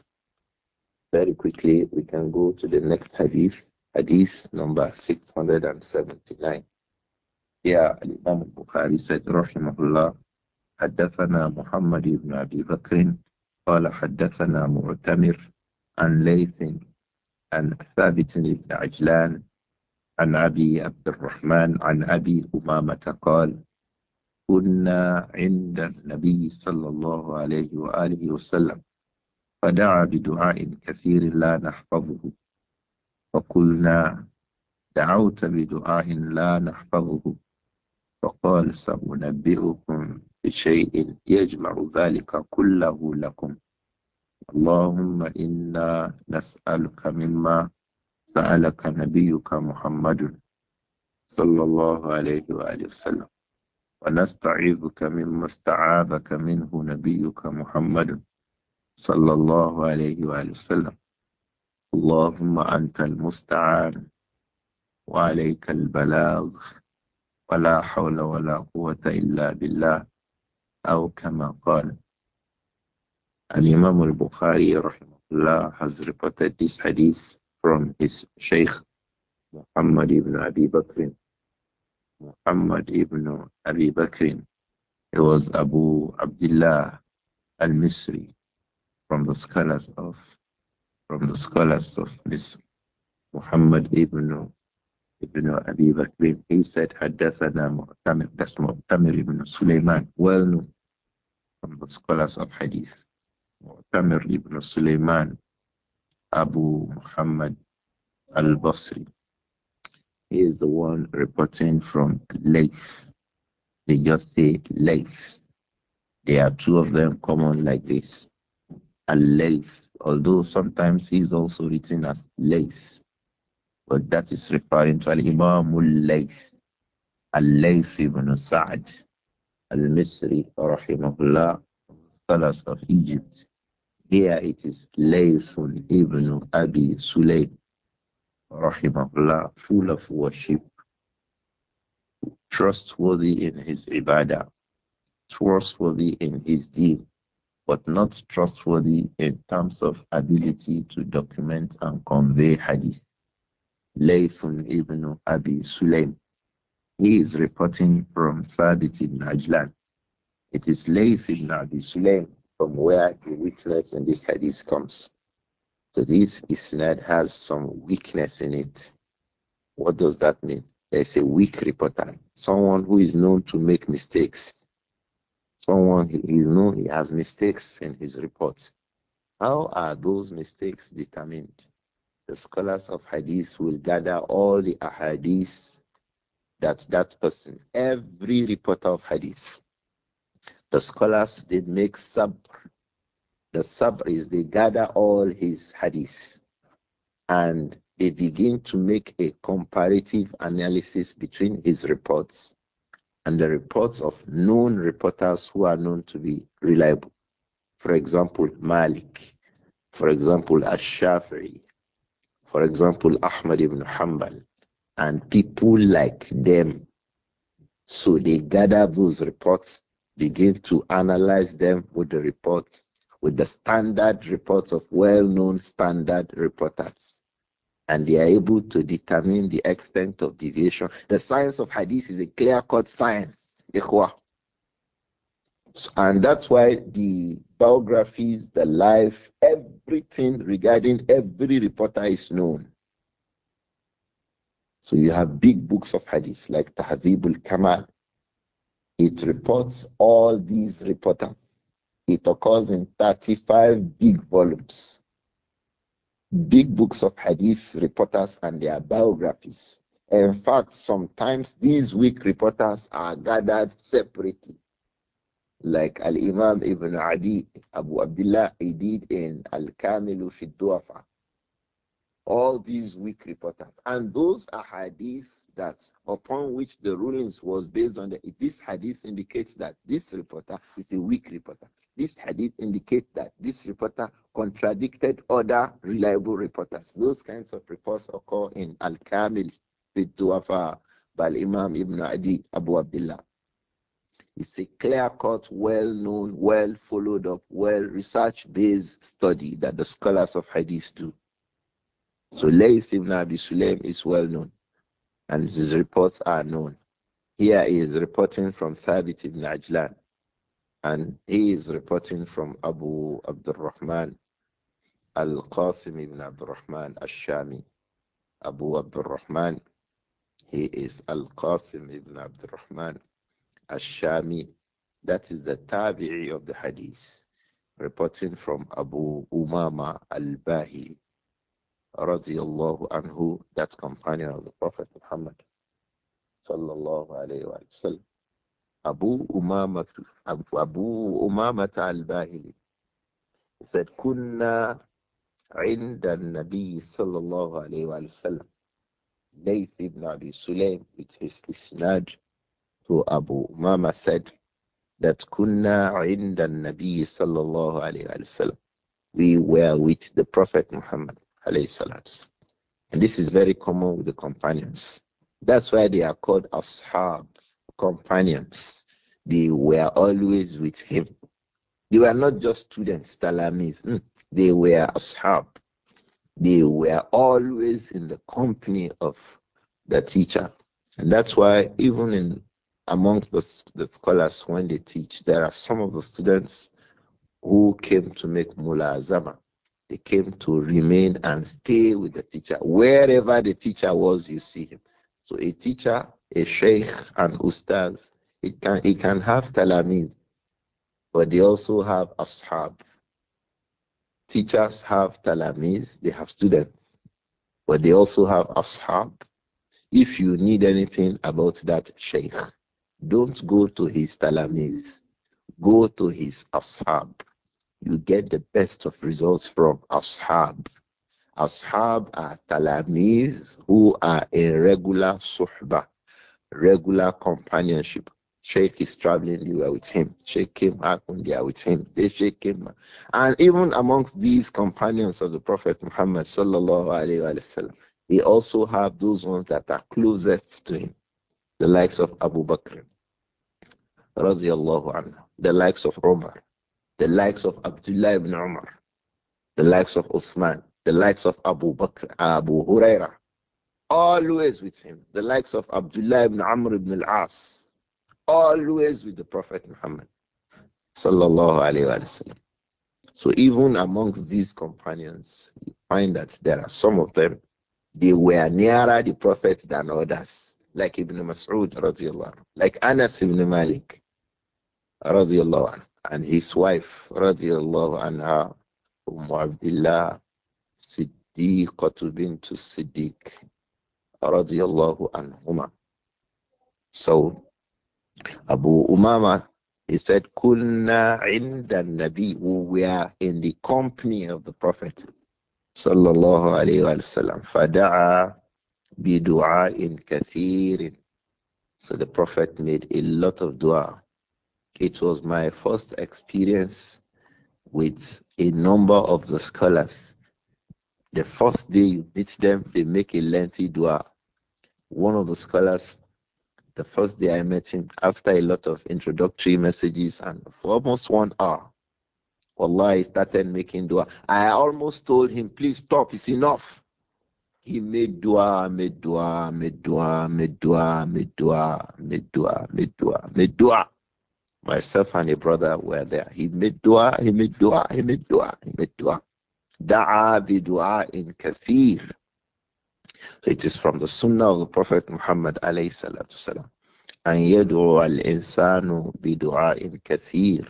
Very quickly, we can go to the next hadith. Hadith number 679. Yeah, Imam Bukhari said, Rahimahullah, حدثنا محمد بن أبي بكر قال حدثنا معتمر عن ليث عن ثابت بن عجلان عن أبي عبد الرحمن عن أبي أمامة قال كنا عند النبي صلى الله عليه وآله وسلم فدعا بدعاء كثير لا نحفظه فقلنا دعوت بدعاء لا نحفظه فقال سأنبئكم بشيء يجمع ذلك كله لكم اللهم إنا نسألك مما سألك نبيك محمد صلى الله عليه وآله وسلم ونستعيذك مما استعاذك منه نبيك محمد صلى الله عليه وآله وسلم اللهم أنت المستعان وعليك البلاغ ولا حول ولا قوة إلا بالله أو كما قال الإمام البخاري رحمه الله has reported this hadith from his Shaykh Muhammad ibn Abi Bakr Muhammad ibn Abi Bakr he was Abu Abdullah al-Misri from the scholars of from the scholars of this Muhammad ibn ibn Abi Bakr. He said, Haddathana Mu'tamir, that's Mu'tamir ibn Sulaiman, well known from the scholars of Hadith. Mu'tamir ibn Sulaiman, Abu Muhammad al-Basri. He is the one reporting from Lace. They just say Lace. There are two of them common like this al although sometimes he's also written as Lays. But that is referring to Al-Imam Al-Lays, al ibn Sa'd, Al-Misri, rahimahullah, scholars of Egypt. Here it is Laysun ibn Abi Sulaym, rahimahullah, full of worship, trustworthy in his ibadah, trustworthy in his deed but not trustworthy in terms of ability to document and convey hadith. Layth ibn Abi Sulaim. He is reporting from Thabit ibn Ajlan. It is Layth ibn Abi Sulaim from where the weakness in this hadith comes. So this isnad has some weakness in it. What does that mean? There's a weak reporter, someone who is known to make mistakes Someone he, he knows he has mistakes in his reports. How are those mistakes determined? The scholars of hadith will gather all the ahadith that that person, every reporter of hadith. The scholars they make sabr. The sabr is they gather all his hadith and they begin to make a comparative analysis between his reports and the reports of known reporters who are known to be reliable. For example, Malik. For example, Ash-Shafi'i. For example, Ahmad ibn Hanbal. And people like them. So they gather those reports, begin to analyze them with the reports, with the standard reports of well-known standard reporters and they are able to determine the extent of deviation. The science of hadith is a clear cut science. And that's why the biographies, the life, everything regarding every reporter is known. So you have big books of hadith like Tahdhibul Kamal. It reports all these reporters. It occurs in 35 big volumes big books of hadith reporters and their biographies. In fact, sometimes these weak reporters are gathered separately, like Al Imam Ibn Adi, Abu Abdullah Adid in Al Kamilu fi Duafa. All these weak reporters, and those are hadiths that upon which the rulings was based on. The, this hadith indicates that this reporter is a weak reporter. This hadith indicates that this reporter contradicted other reliable reporters. Those kinds of reports occur in Al Kamil, Bidduafa, by Imam Ibn Adi, Abu Abdullah. It's a clear cut, well known, well followed up, well research based study that the scholars of hadith do. So Layth ibn Abi Sulaim is well known, and his reports are known. Here he is reporting from Thabit ibn Ajlan. And he is reporting from Abu Abdurrahman Al Qasim ibn Abdurrahman Al Shami. Abu Abdurrahman, he is Al Qasim ibn Abdurrahman Al Shami. That is the Tabi'i of the Hadith, reporting from Abu Umama Al Bahi radiallahu anhu, that companion of the Prophet Muhammad sallallahu alayhi wa sallam. Abu Umama Abu Umama al-Bahili said kunna inda nabi sallallahu alayhi wa sallam Layth ibn Abi Sulaim with his isnad to Abu Umama said that kunna inda nabi sallallahu alayhi wa sallam we were with the prophet Muhammad alayhi salatu and this is very common with the companions that's why they are called ashab companions. They were always with him. They were not just students, talamis. Hmm. They were ashab. They were always in the company of the teacher. And that's why even in amongst the, the scholars when they teach, there are some of the students who came to make Azama. They came to remain and stay with the teacher. Wherever the teacher was, you see him. So a teacher, a sheikh, and ustaz, he can he can have talamid, but they also have ashab. Teachers have talamiz, they have students, but they also have ashab. If you need anything about that sheikh, don't go to his talamiz, go to his ashab. You get the best of results from ashab Ashab are talamiz who are in regular suhba, regular companionship. Sheikh is traveling, you are with him. Sheikh came back when they are with him. They Sheikh came back. And even amongst these companions of the Prophet Muhammad sallallahu alayhi wa sallam, we also have those ones that are closest to him. The likes of Abu Bakr, radiallahu anhu, the likes of Umar, the likes of Abdullah ibn Umar, the likes of Uthman, the likes of Abu Bakr, Abu Huraira, always with him, the likes of Abdullah ibn Amr ibn al-As, always with the Prophet Muhammad sallallahu So even amongst these companions, you find that there are some of them, they were nearer the Prophet than others, like Ibn Mas'ud like Anas ibn Malik radiallahu and his wife radiallahu anha, Umm Abdullah Siddiqatu Sidiq, رضي الله عنهما. So Abu Umama he said, Kunna inda النبي." we were in the company of the Prophet. Sallallahu alayhi wa sallam. Fada'a بدعاء kathirin. So the Prophet made a lot of dua. It was my first experience with a number of the scholars the first day you meet them, they make a lengthy dua. One of the scholars, the first day I met him, after a lot of introductory messages and for almost one hour, Allah, he started making dua. I almost told him, please stop, it's enough. He made dua, made dua, made dua, made dua, made dua, made dua, made dua, made dua. Myself and a brother were there. He made dua, he made dua, he made dua, he made dua. Da'a bidu'a in kathir. it is from the Sunnah of the Prophet Muhammad alayhi salatu salam. أن يدعو الإنسان in kathir.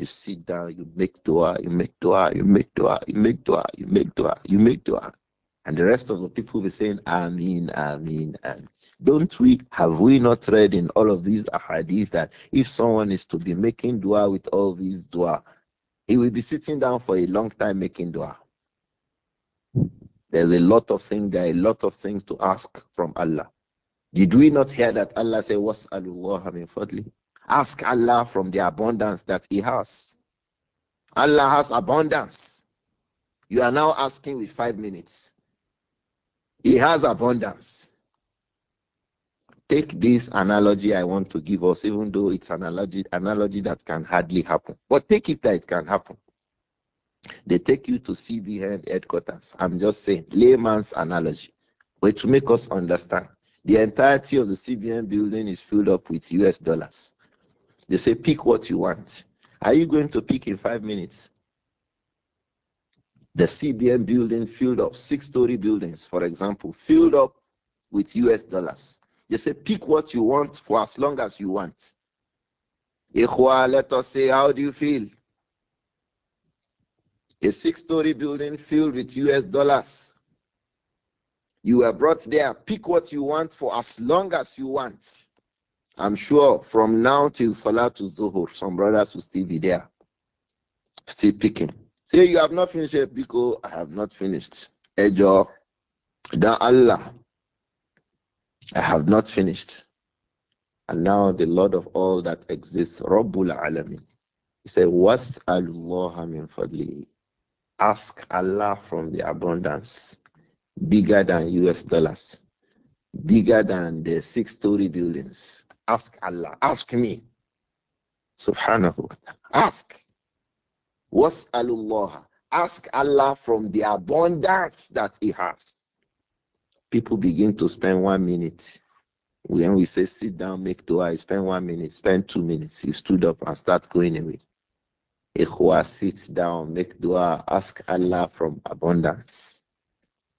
You sit down, you make dua, you make dua, you make dua, you make dua, you make dua, you make dua. And the rest of the people will be saying, Amin, Amin, Amin. Don't we, have we not read in all of these ahadith that if someone is to be making dua with all these dua, he will be sitting down for a long time making dua. There's a lot of things, there are a lot of things to ask from Allah. Did we not hear that Allah said, Was'alullah min fadli? Ask Allah from the abundance that He has. Allah has abundance. You are now asking with five minutes. He has abundance. Take this analogy I want to give us, even though it's an analogy, analogy that can hardly happen. But take it that it can happen. They take you to CBN headquarters. I'm just saying, layman's analogy, but to make us understand. The entirety of the CBN building is filled up with US dollars. They say, pick what you want. Are you going to pick in five minutes? The CBN building filled up, six story buildings, for example, filled up with US dollars. They say, pick what you want for as long as you want. let us say, how do you feel? a six story building filled with US dollars. You were brought there. Pick what you want for as long as you want. I'm sure from now till Salah to Zuhur, some brothers will still be there, still picking. Say, you have not finished yet, Biko. I have not finished. Ejo, da Allah. I have not finished. And now the Lord of all that exists, Rabbul Alamin. He said, Was'alullaha min fadlihi. Ask Allah from the abundance bigger than US dollars, bigger than the six story buildings. Ask Allah, ask me. Subhanahu wa ta'ala. Ask. Was'alullah. Ask Allah from the abundance that He has. People begin to spend one minute. When we say sit down, make dua, spend one minute, spend two minutes. You stood up and start going away. Ikhwa, sit down, make dua, ask Allah from abundance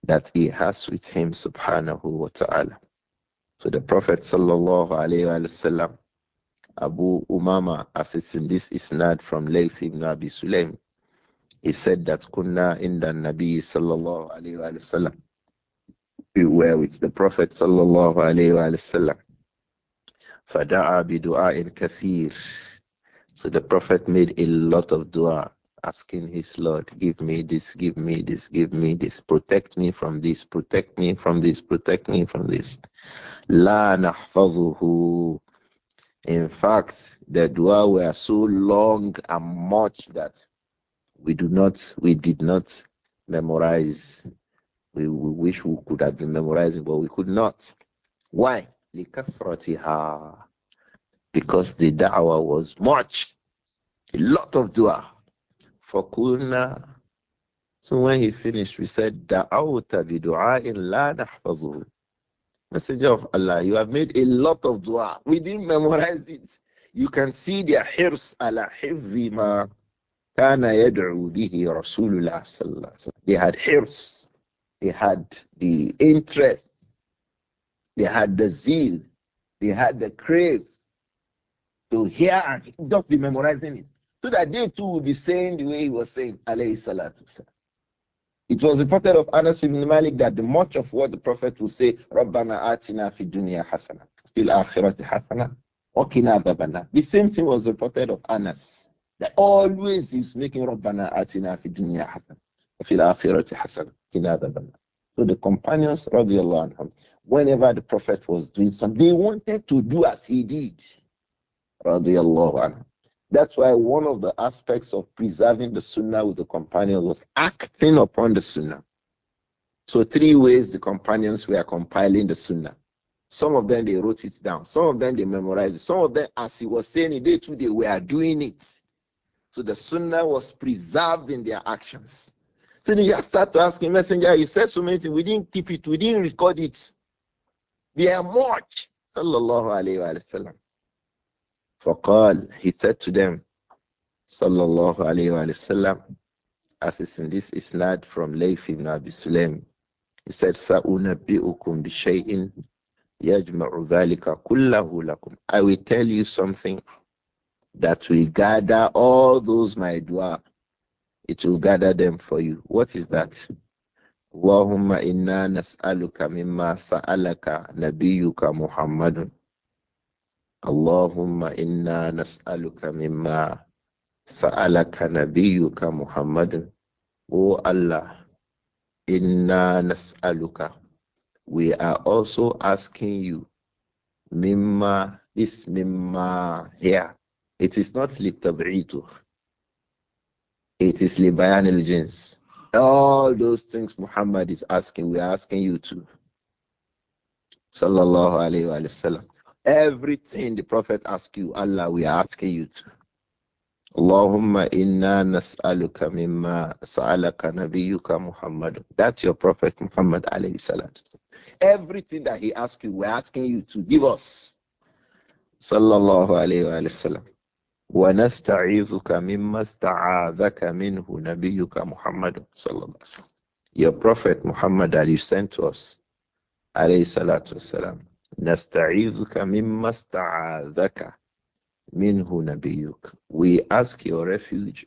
that He has with Him, subhanahu wa ta'ala. So the Prophet sallallahu alayhi wasallam, Abu Umama, as it's in this isnad from Layth ibn Abi Sulaim, he said that kunna inda nabi sallallahu alayhi wasallam. We were with the Prophet sallallahu alayhi wasallam. فدعا بدعاء kasir. So the Prophet made a lot of dua asking his Lord, give me this, give me this, give me this, protect me from this, protect me from this, protect me from this. La nahfazuhu. In fact, the dua were so long and much that we do not, we did not memorize. We, we wish we could have been memorizing, but we could not. Why? لكثرتها because the da'wah was much, a lot of dua. فَقُلْنَا So when he finished, we said, دَعَوْتَ بِدُعَاءٍ la نَحْفَظُهُ Messenger of Allah, you have made a lot of dua. We didn't memorize it. You can see their hirs ala hifzi ma kana yad'u bihi Rasulullah sallallahu They had hirs. They had the interest. They had the zeal. They had the crave to hear and just be memorizing it. So that they too will be saying the way he was saying, alayhi salatu It was reported of Anas ibn Malik that much of what the Prophet would say, Rabbana atina fi dunya hasana, fil akhirati hasana, wakina adabana. The same thing was reported of Anas. That always he's making Rabbana atina fi dunya hasana, fil akhirati hasana, wakina adabana. So the companions, radiallahu anhum, whenever the Prophet was doing something, they wanted to do as he did. That's why one of the aspects of preserving the sunnah with the companions was acting upon the sunnah. So three ways the companions were compiling the sunnah. Some of them they wrote it down. Some of them they memorized it. Some of them, as he was saying it, they too they were doing it. So the sunnah was preserved in their actions. So they just start to ask him, Messenger, you said so many things. We didn't keep it. We didn't record it. We are much. Sallallahu alayhi wa, فقال he said to them صلى الله عليه وآله وسلم as is in this isnad from Layth ibn Abi Sulaim he said سأنبئكم بشيء يجمع ذلك كله لكم I will tell you something that will gather all those my dua it will gather them for you what is that اللهم إنا نسألك مما سألك نبيك محمد Allahumma inna nas'aluka mimma sa'alaka nabiyyuka Muhammadun. O Allah, inna nas'aluka. We are also asking you mimma this mimma here. It is not litab'itu. It is libayan al-jins. All those things Muhammad is asking, we are asking you to. Sallallahu alayhi wa sallam. Everything the Prophet asked you, Allah, we are asking you to. Allahumma inna nas'aluka mimma sa'alaka nabiyyuka Muhammad. That's your Prophet Muhammad alayhi salatu. Everything that he asked you, we're asking you to give us. Sallallahu alayhi wa, sallam. wa sallam. ونستعيذك مما استعاذك منه نبيك محمد صلى الله عليه وسلم. Your Prophet Muhammad that you sent to us, alayhi salatu salam. نستعيذك مما استعاذك منه نبيك we ask your refuge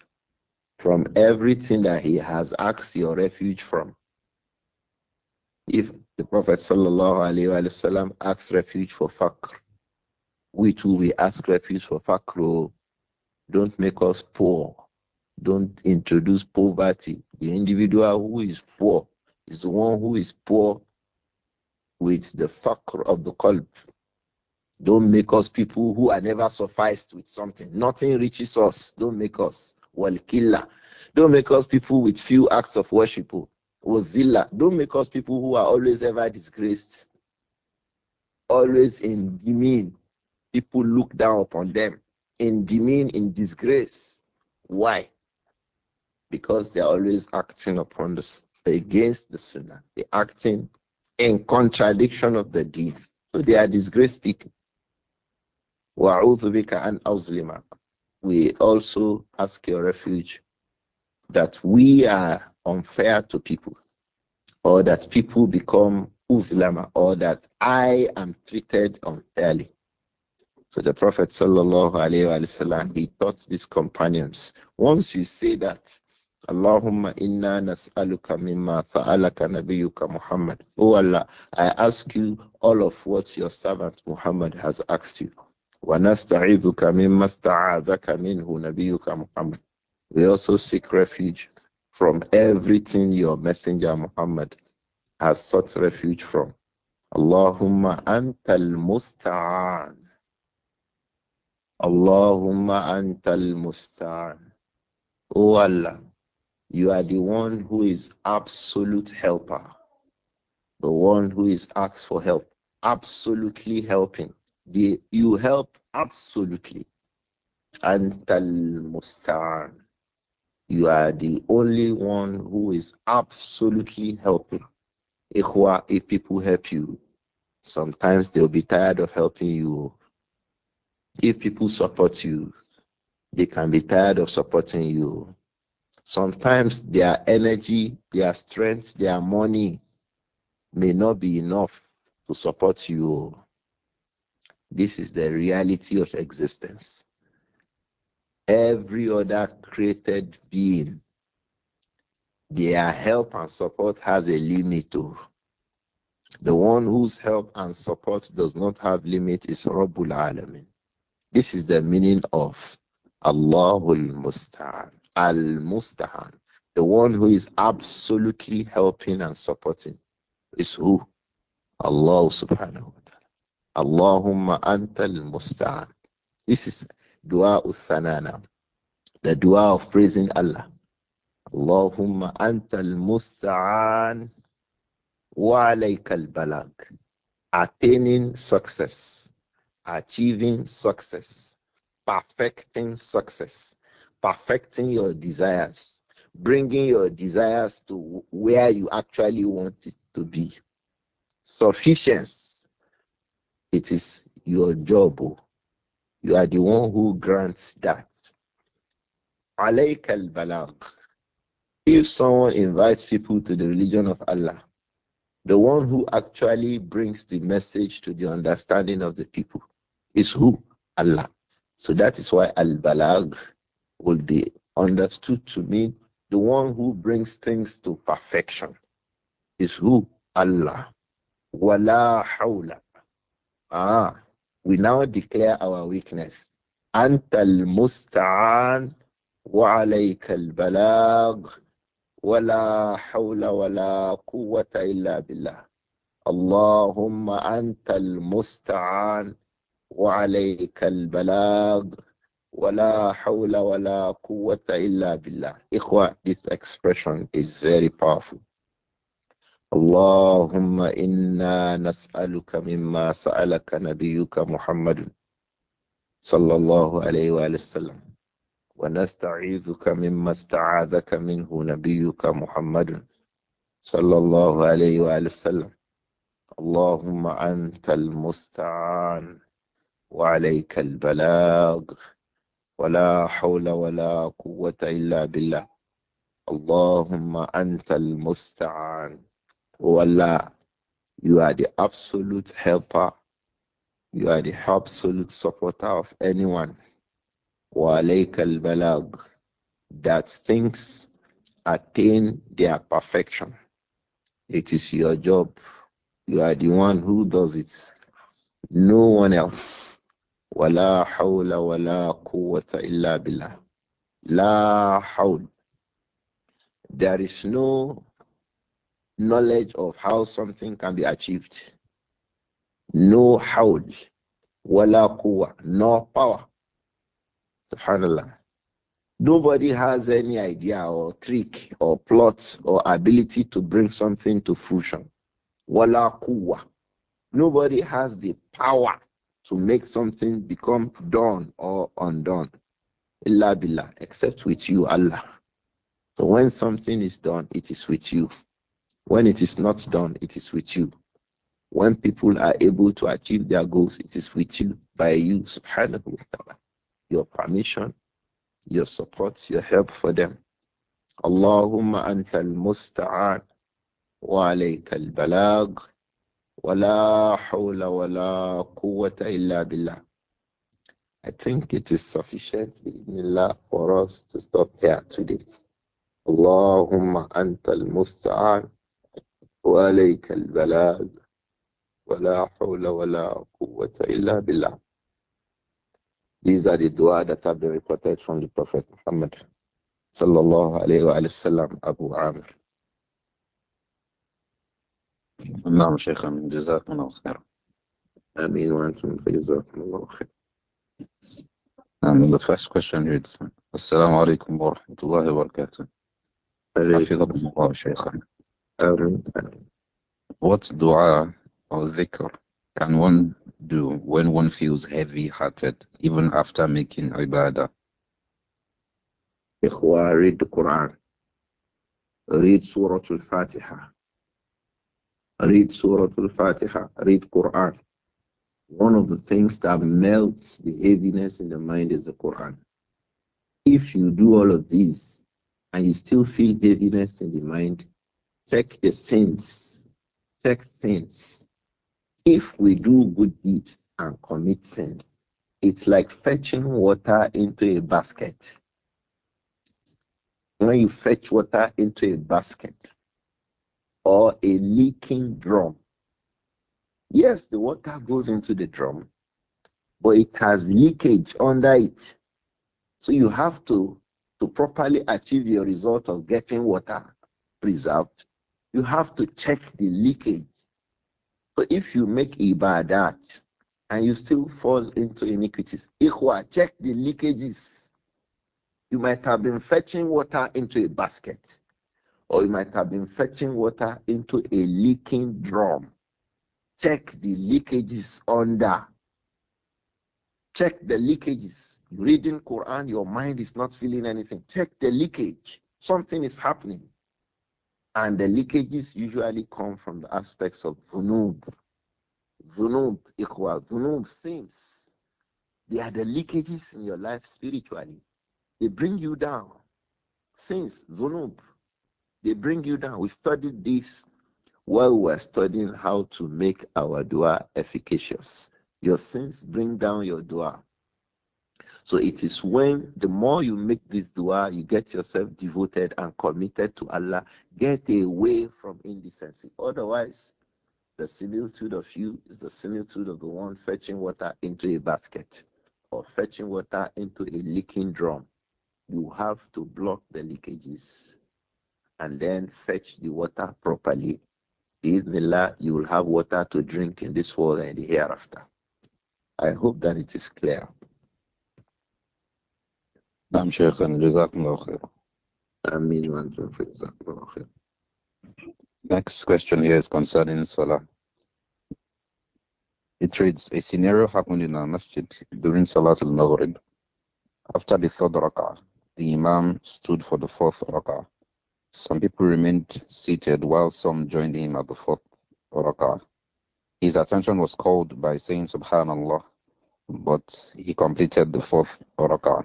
from everything that he has asked your refuge from if the prophet sallallahu alaihi wasallam asks refuge for fakr we too we ask refuge for fakr oh. don't make us poor don't introduce poverty the individual who is poor is the one who is poor with the fakr of the qalb. Don't make us people who are never sufficed with something. Nothing reaches us. Don't make us wal Don't make us people with few acts of worship. Oh, Wazilla. Don't make us people who are always ever disgraced, always in demean. People look down upon them in demean, in disgrace. Why? Because they are always acting upon this against the sunnah. They're acting in contradiction of the deed, So they are disgraced people. We also ask your refuge that we are unfair to people, or that people become uzlama, or that I am treated unfairly. So the Prophet he taught his companions. Once you say that, Allahumma inna nas'aluka mimma sa'alaka nabiyuka Muhammad. O oh Allah, I ask you all of what your servant Muhammad has asked you. Wa nasta'idhuka mimma sta'adhaka minhu nabiyuka Muhammad. We also seek refuge from everything your messenger Muhammad has sought refuge from. Allahumma antal musta'an. Allahumma antal musta'an. O oh Allah, you are the one who is absolute helper, the one who is asked for help, absolutely helping. The, you help absolutely. Antal Musta'an. You are the only one who is absolutely helping. Ikhwa, if people help you, sometimes they'll be tired of helping you. If people support you, they can be tired of supporting you. Sometimes their energy, their strength, their money may not be enough to support you. This is the reality of existence. Every other created being, their help and support has a limit. to. The one whose help and support does not have limit is Rabbul Alamin. This is the meaning of Allahul Musta'an. Al Mustahan. The one who is absolutely helping and supporting is who? Allah subhanahu wa ta'ala. Allahumma antal musta'an. This is dua uthanana, the dua of praising Allah. Allahumma al musta'an wa alaykal balag. Attaining success, achieving success, perfecting success perfecting your desires, bringing your desires to where you actually want it to be. Sufficiency, it is your job. Oh. You are the one who grants that. Alayk al balagh. If someone invites people to the religion of Allah, the one who actually brings the message to the understanding of the people is who? Allah. So that is why al balagh will be understood to mean the one who brings things to perfection is who? Allah. Wala hawla. Ah, we now declare our weakness. Antal musta'an wa alaykal balagh wala hawla wala quwwata illa billah. Allahumma antal musta'an wa alaykal balagh Wala hawla wala quwwata illa billah. Ikhwa, this expression is very powerful. اللهم إنا نسألك مما سألك نبيك محمد صلى الله عليه وآله وسلم ونستعيذك مما استعاذك منه نبيك محمد صلى الله عليه وآله وسلم اللهم أنت المستعان وعليك البلاغ ولا حول ولا قوة إلا بالله اللهم أنت المستعان you are the absolute helper you are the absolute supporter of anyone وعليك البلاغ that things attain their perfection it is your job you are the one who does it no one else ولا حول ولا قوة إلا بالله لا حول There is no knowledge of how something can be achieved. No haul, ولا قوة. no power. Subhanallah. Nobody has any idea or trick or plot or ability to bring something to fruition. Wala quwa. Nobody has the power to make something become done or undone. Illa billah, except with you, Allah. So when something is done, it is with you. When it is not done, it is with you. When people are able to achieve their goals, it is with you, by you, subhanahu wa ta'ala. Your permission, your support, your help for them. Allahumma anta al-musta'an wa alayka al-balag. وَلَا حَوْلَ وَلَا قُوَّةَ إِلَّا بِاللَّهِ I think it is sufficient بإذن for us to stop here today. اللهم أنت المستعان وعليك البلاغ ولا حول ولا قوة إلا بالله. These are the dua that have been reported from the Prophet Muhammad sallallahu alayhi wa sallam Abu Amr. نعم شيخ جزاكم الله خيرا آمين وأنتم فجزاكم الله خيرا And the first question reads, Assalamu alaikum wa rahmatullahi wa barakatuh. what dua or dhikr can one do when one feels heavy hearted, even after making ibadah? Ikhwa, read the Quran. Read Surah Al Fatiha. Read Surah Al-Fatiha, read Quran. One of the things that melts the heaviness in the mind is the Quran. If you do all of these and you still feel heaviness in the mind, check the sins. Check sins. If we do good deeds and commit sins, it's like fetching water into a basket. When you fetch water into a basket, or a leaking drum. Yes, the water goes into the drum, but it has leakage under it. So you have to, to properly achieve your result of getting water preserved, you have to check the leakage. So if you make a bad act and you still fall into iniquities, ikhwa, check the leakages. You might have been fetching water into a basket or you might have been fetching water into a leaking drum. Check the leakages under. Check the leakages. Reading Quran, your mind is not feeling anything. Check the leakage. Something is happening. And the leakages usually come from the aspects of Zunub. Zunub ikhwa, Zunub sins. They are the leakages in your life spiritually. They bring you down. Sins, Zunub. They bring you down. We studied this while we were studying how to make our dua efficacious. Your sins bring down your dua. So it is when the more you make this dua, you get yourself devoted and committed to Allah, get away from indecency. Otherwise, the similitude of you is the similitude of the one fetching water into a basket or fetching water into a leaking drum. You have to block the leakages and then fetch the water properly, Bismillah, you will have water to drink in this world and the hereafter. I hope that it is clear. Next question here is concerning Salah. It reads, a scenario happened in a masjid during Salat al-Maghrib. After the third rak'ah, the imam stood for the fourth rak'ah. Some people remained seated while some joined him at the fourth rak'ah. His attention was called by saying Subhanallah, but he completed the fourth rak'ah.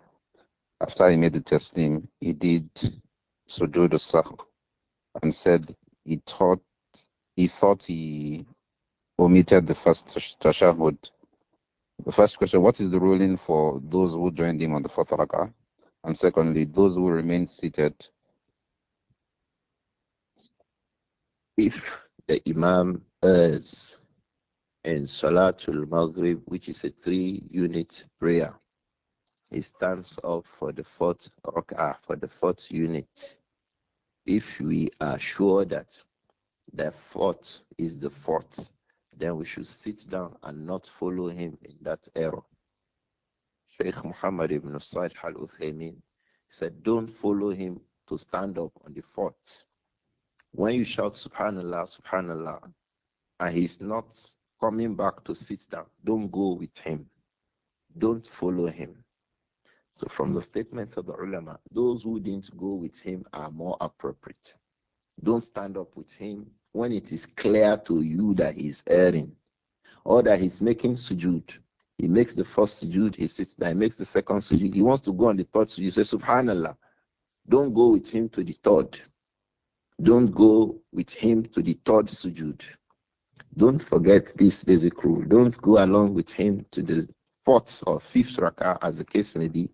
After he made the taslim, he did sujood al and said he thought he thought he omitted the first tashahud. The first question: What is the ruling for those who joined him on the fourth rak'ah? And secondly, those who remained seated If the Imam errs in Salatul Maghrib, which is a three unit prayer, he stands up for the fourth rak'ah, for the fourth unit. If we are sure that the fourth is the fourth, then we should sit down and not follow him in that error. Sheikh Muhammad ibn Said al Uthaymeen said, Don't follow him to stand up on the fourth. When you shout subhanallah, subhanallah, and he's not coming back to sit down, don't go with him. Don't follow him. So from the statements of the ulama, those who didn't go with him are more appropriate. Don't stand up with him when it is clear to you that he's erring or that he's making sujood. He makes the first sujood, he sits down, he makes the second sujood, he wants to go on the third sujood, you say subhanallah. Don't go with him to the third. Don't go with him to the third sujud. Don't forget this basic rule. Don't go along with him to the fourth or fifth rakah, as the case may be,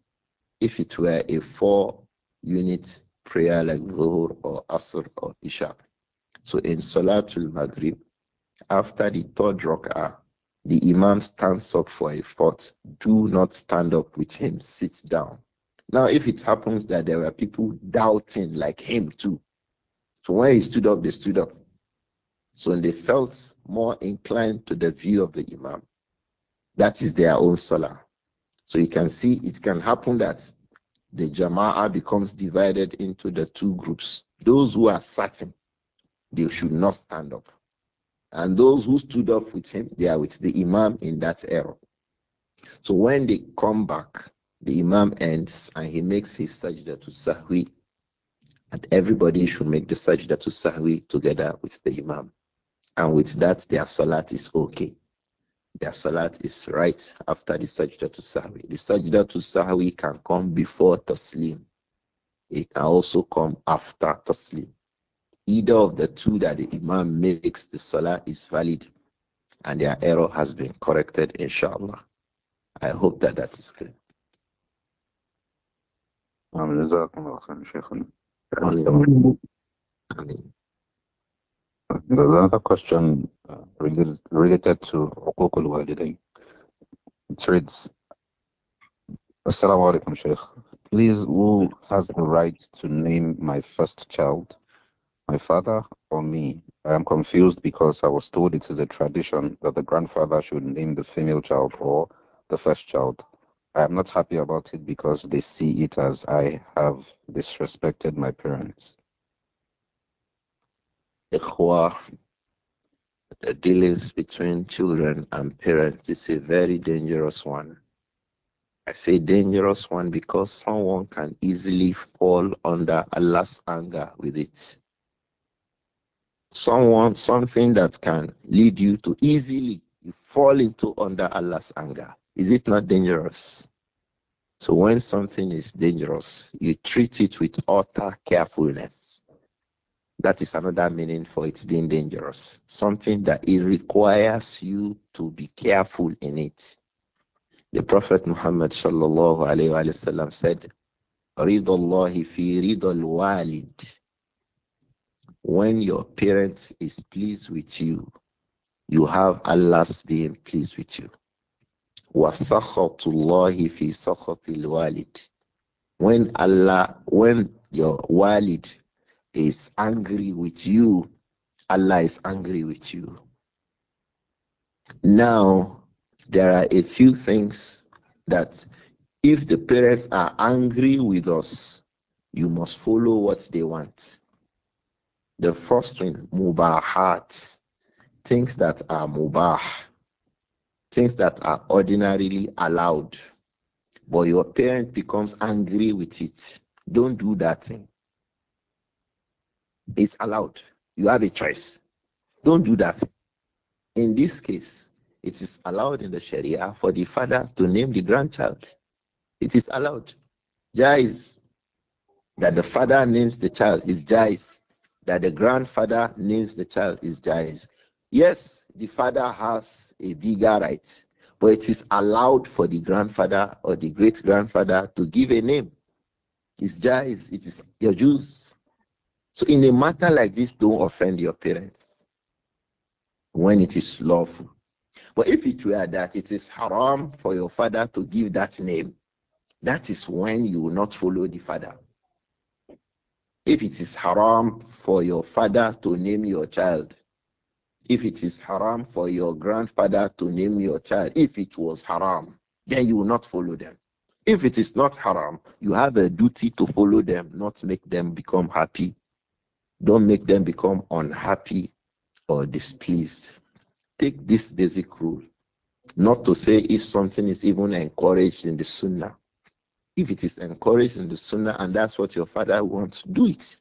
if it were a four unit prayer like Dhuhr or Asr or Isha. So in Salatul Maghrib, after the third rak'ah, the Imam stands up for a fourth. Do not stand up with him, sit down. Now, if it happens that there were people doubting like him too, so when he stood up, they stood up. So they felt more inclined to the view of the Imam. That is their own salah. So you can see it can happen that the Jama'ah becomes divided into the two groups. Those who are certain they should not stand up. And those who stood up with him, they are with the Imam in that error. So when they come back, the Imam ends and he makes his sajda to Sahwi and everybody should make the sajda to sahwi together with the imam. And with that, their salat is okay. Their salat is right after the sajda to sahwi. The sajda to sahwi can come before taslim. It can also come after taslim. Either of the two that the imam makes, the salat is valid and their error has been corrected, inshallah. I hope that that is clear. There's another question uh, related, related to Uqukul Walidain. It reads, Assalamu alaikum, Sheikh. Please, who has the right to name my first child, my father or me? I am confused because I was told it is a tradition that the grandfather should name the female child or the first child. I'm not happy about it because they see it as I have disrespected my parents. Ikhwa, the dealings between children and parents is a very dangerous one. I say dangerous one because someone can easily fall under Allah's anger with it. Someone, something that can lead you to easily fall into under Allah's anger. Is it not dangerous? So when something is dangerous, you treat it with utter carefulness. That is another meaning for it being dangerous. Something that it requires you to be careful in it. The Prophet Muhammad sallallahu alaihi wasallam said, "Read Allahi fi read al walid." When your parent is pleased with you, you have Allah's being pleased with you. When Allah, when your walid is angry with you, Allah is angry with you. Now, there are a few things that if the parents are angry with us, you must follow what they want. The first one, mubahat, things that are mubah things that are ordinarily allowed, but your parent becomes angry with it. Don't do that thing. It's allowed. You have a choice. Don't do that. In this case, it is allowed in the Sharia for the father to name the grandchild. It is allowed. Jais that the father names the child is Jais. That the grandfather names the child is Jais. Yes, the father has a bigger right, but it is allowed for the grandfather or the great grandfather to give a name. It's just it is your Jews. So in a matter like this, don't offend your parents when it is lawful. But if it were that it is haram for your father to give that name, that is when you will not follow the father. If it is haram for your father to name your child, if it is haram for your grandfather to name your child, if it was haram, then you will not follow them. If it is not haram, you have a duty to follow them, not make them become happy. Don't make them become unhappy or displeased. Take this basic rule. Not to say if something is even encouraged in the Sunnah. If it is encouraged in the Sunnah and that's what your father wants, do it.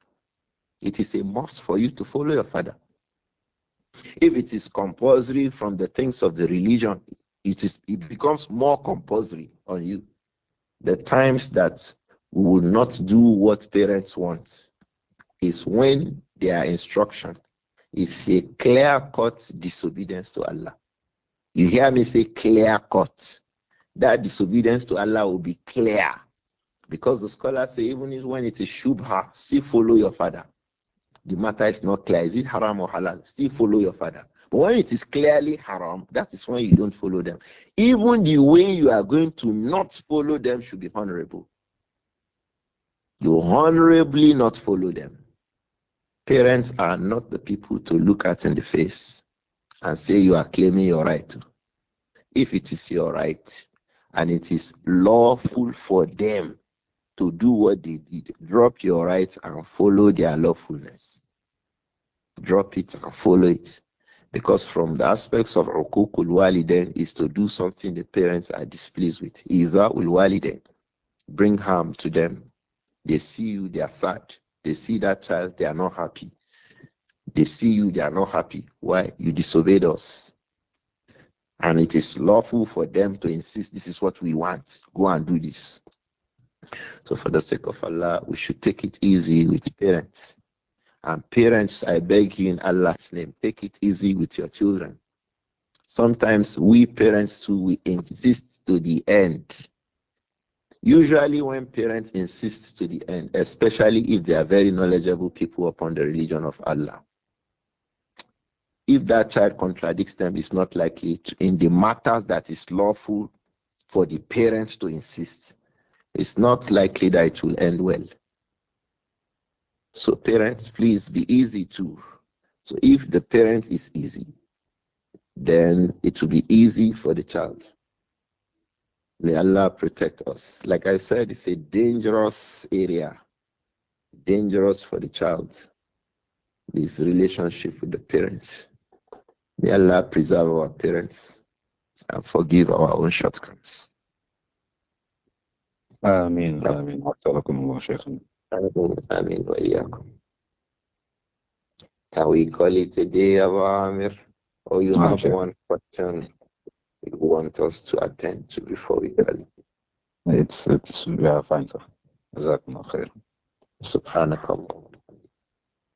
It is a must for you to follow your father. If it is compulsory from the things of the religion, it is it becomes more compulsory on you. The times that we will not do what parents want is when their instruction is a clear cut disobedience to Allah. You hear me say clear cut. That disobedience to Allah will be clear. Because the scholars say, even when it is Shubha, still follow your father the matter is not clear. Is it haram or halal? Still follow your father. But when it is clearly haram, that is when you don't follow them. Even the way you are going to not follow them should be honorable. You honorably not follow them. Parents are not the people to look at in the face and say you are claiming your right. If it is your right and it is lawful for them to do what they did. Drop your rights and follow their lawfulness. Drop it and follow it. Because from the aspects of Ukukul Waliden is to do something the parents are displeased with. Either will Waliden bring harm to them. They see you, they are sad. They see that child, they are not happy. They see you, they are not happy. Why? You disobeyed us and it is lawful for them to insist this is what we want go and do this so, for the sake of Allah, we should take it easy with parents. And parents, I beg you in Allah's name, take it easy with your children. Sometimes we parents too, we insist to the end. Usually, when parents insist to the end, especially if they are very knowledgeable people upon the religion of Allah, if that child contradicts them, it's not likely in the matters that is lawful for the parents to insist it's not likely that it will end well. So, parents, please be easy too. So, if the parent is easy, then it will be easy for the child. May Allah protect us. Like I said, it's a dangerous area, dangerous for the child, this relationship with the parents. May Allah preserve our parents and forgive our own shortcomings. آمين نعم. آمين وفقكم الله شيخنا آمين آمين وإياكم Can we call it a day, of Amir? Or oh, you نعم، have sure. one question you want us to attend to before we call it? It's, it's, we are fine, sir. جزاكم khair. خير. سبحانك اللهم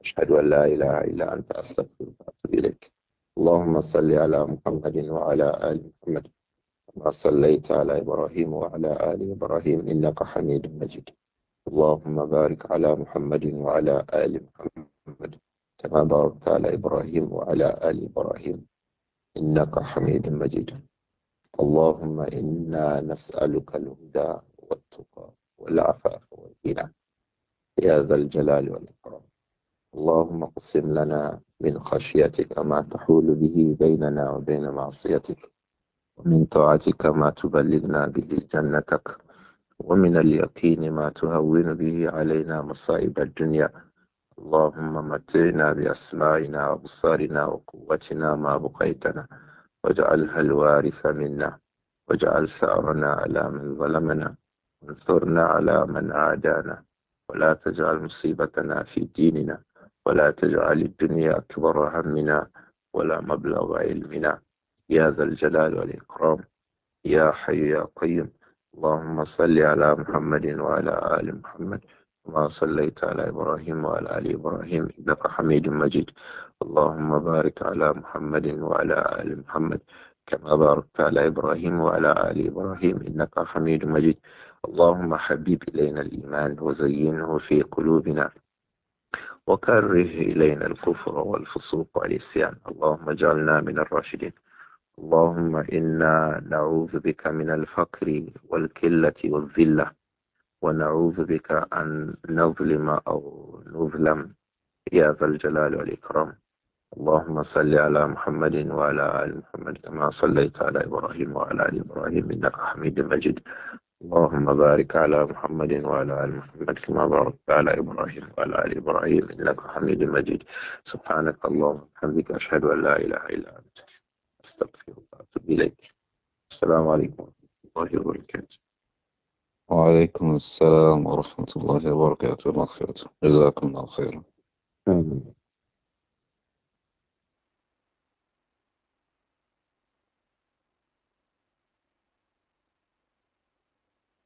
أشهد أن لا إله إلا أنت أستغفرك وأتوب إليك. اللهم صل على محمد وعلى آل محمد كما صليت على إبراهيم وعلى آل إبراهيم إنك حميد مجيد اللهم بارك على محمد وعلى آل محمد كما باركت على إبراهيم وعلى آل إبراهيم إنك حميد مجيد اللهم إنا نسألك الهدى والتقى والعفاف والغنى يا ذا الجلال والإكرام اللهم اقسم لنا من خشيتك ما تحول به بيننا وبين معصيتك ومن طاعتك ما تبلغنا به جنتك ومن اليقين ما تهون به علينا مصائب الدنيا اللهم متعنا بأسمائنا وأبصارنا وقوتنا ما بقيتنا واجعلها الوارث منا واجعل ثأرنا على من ظلمنا وانصرنا على من عادانا ولا تجعل مصيبتنا في ديننا ولا تجعل الدنيا أكبر همنا ولا مبلغ علمنا يا ذا الجلال والإكرام يا حي يا قيوم اللهم صل على محمد وعلى آل محمد كما صليت على إبراهيم وعلى آل إبراهيم إنك حميد مجيد اللهم بارك على محمد وعلى آل محمد كما باركت على إبراهيم وعلى آل إبراهيم إنك حميد مجيد اللهم حبيب إلينا الإيمان وزينه في قلوبنا وكره إلينا الكفر والفسوق والعصيان اللهم اجعلنا من الراشدين اللهم إنا نعوذ بك من الفقر والكلة والذلة ونعوذ بك أن نظلم أو نظلم يا ذا الجلال والإكرام اللهم صل على محمد وعلى آل محمد كما صليت على إبراهيم وعلى آل إبراهيم إنك حميد مجيد اللهم بارك على محمد وعلى آل محمد كما باركت على إبراهيم وعلى آل إبراهيم إنك حميد مجيد سبحانك اللهم وبحمدك أشهد أن لا إله إلا أنت استغفرك واتوب اليك السلام عليكم ورحمه الله وبركاته وعليكم السلام ورحمه الله وبركاته مغفرته جزاكم الله خيرا امين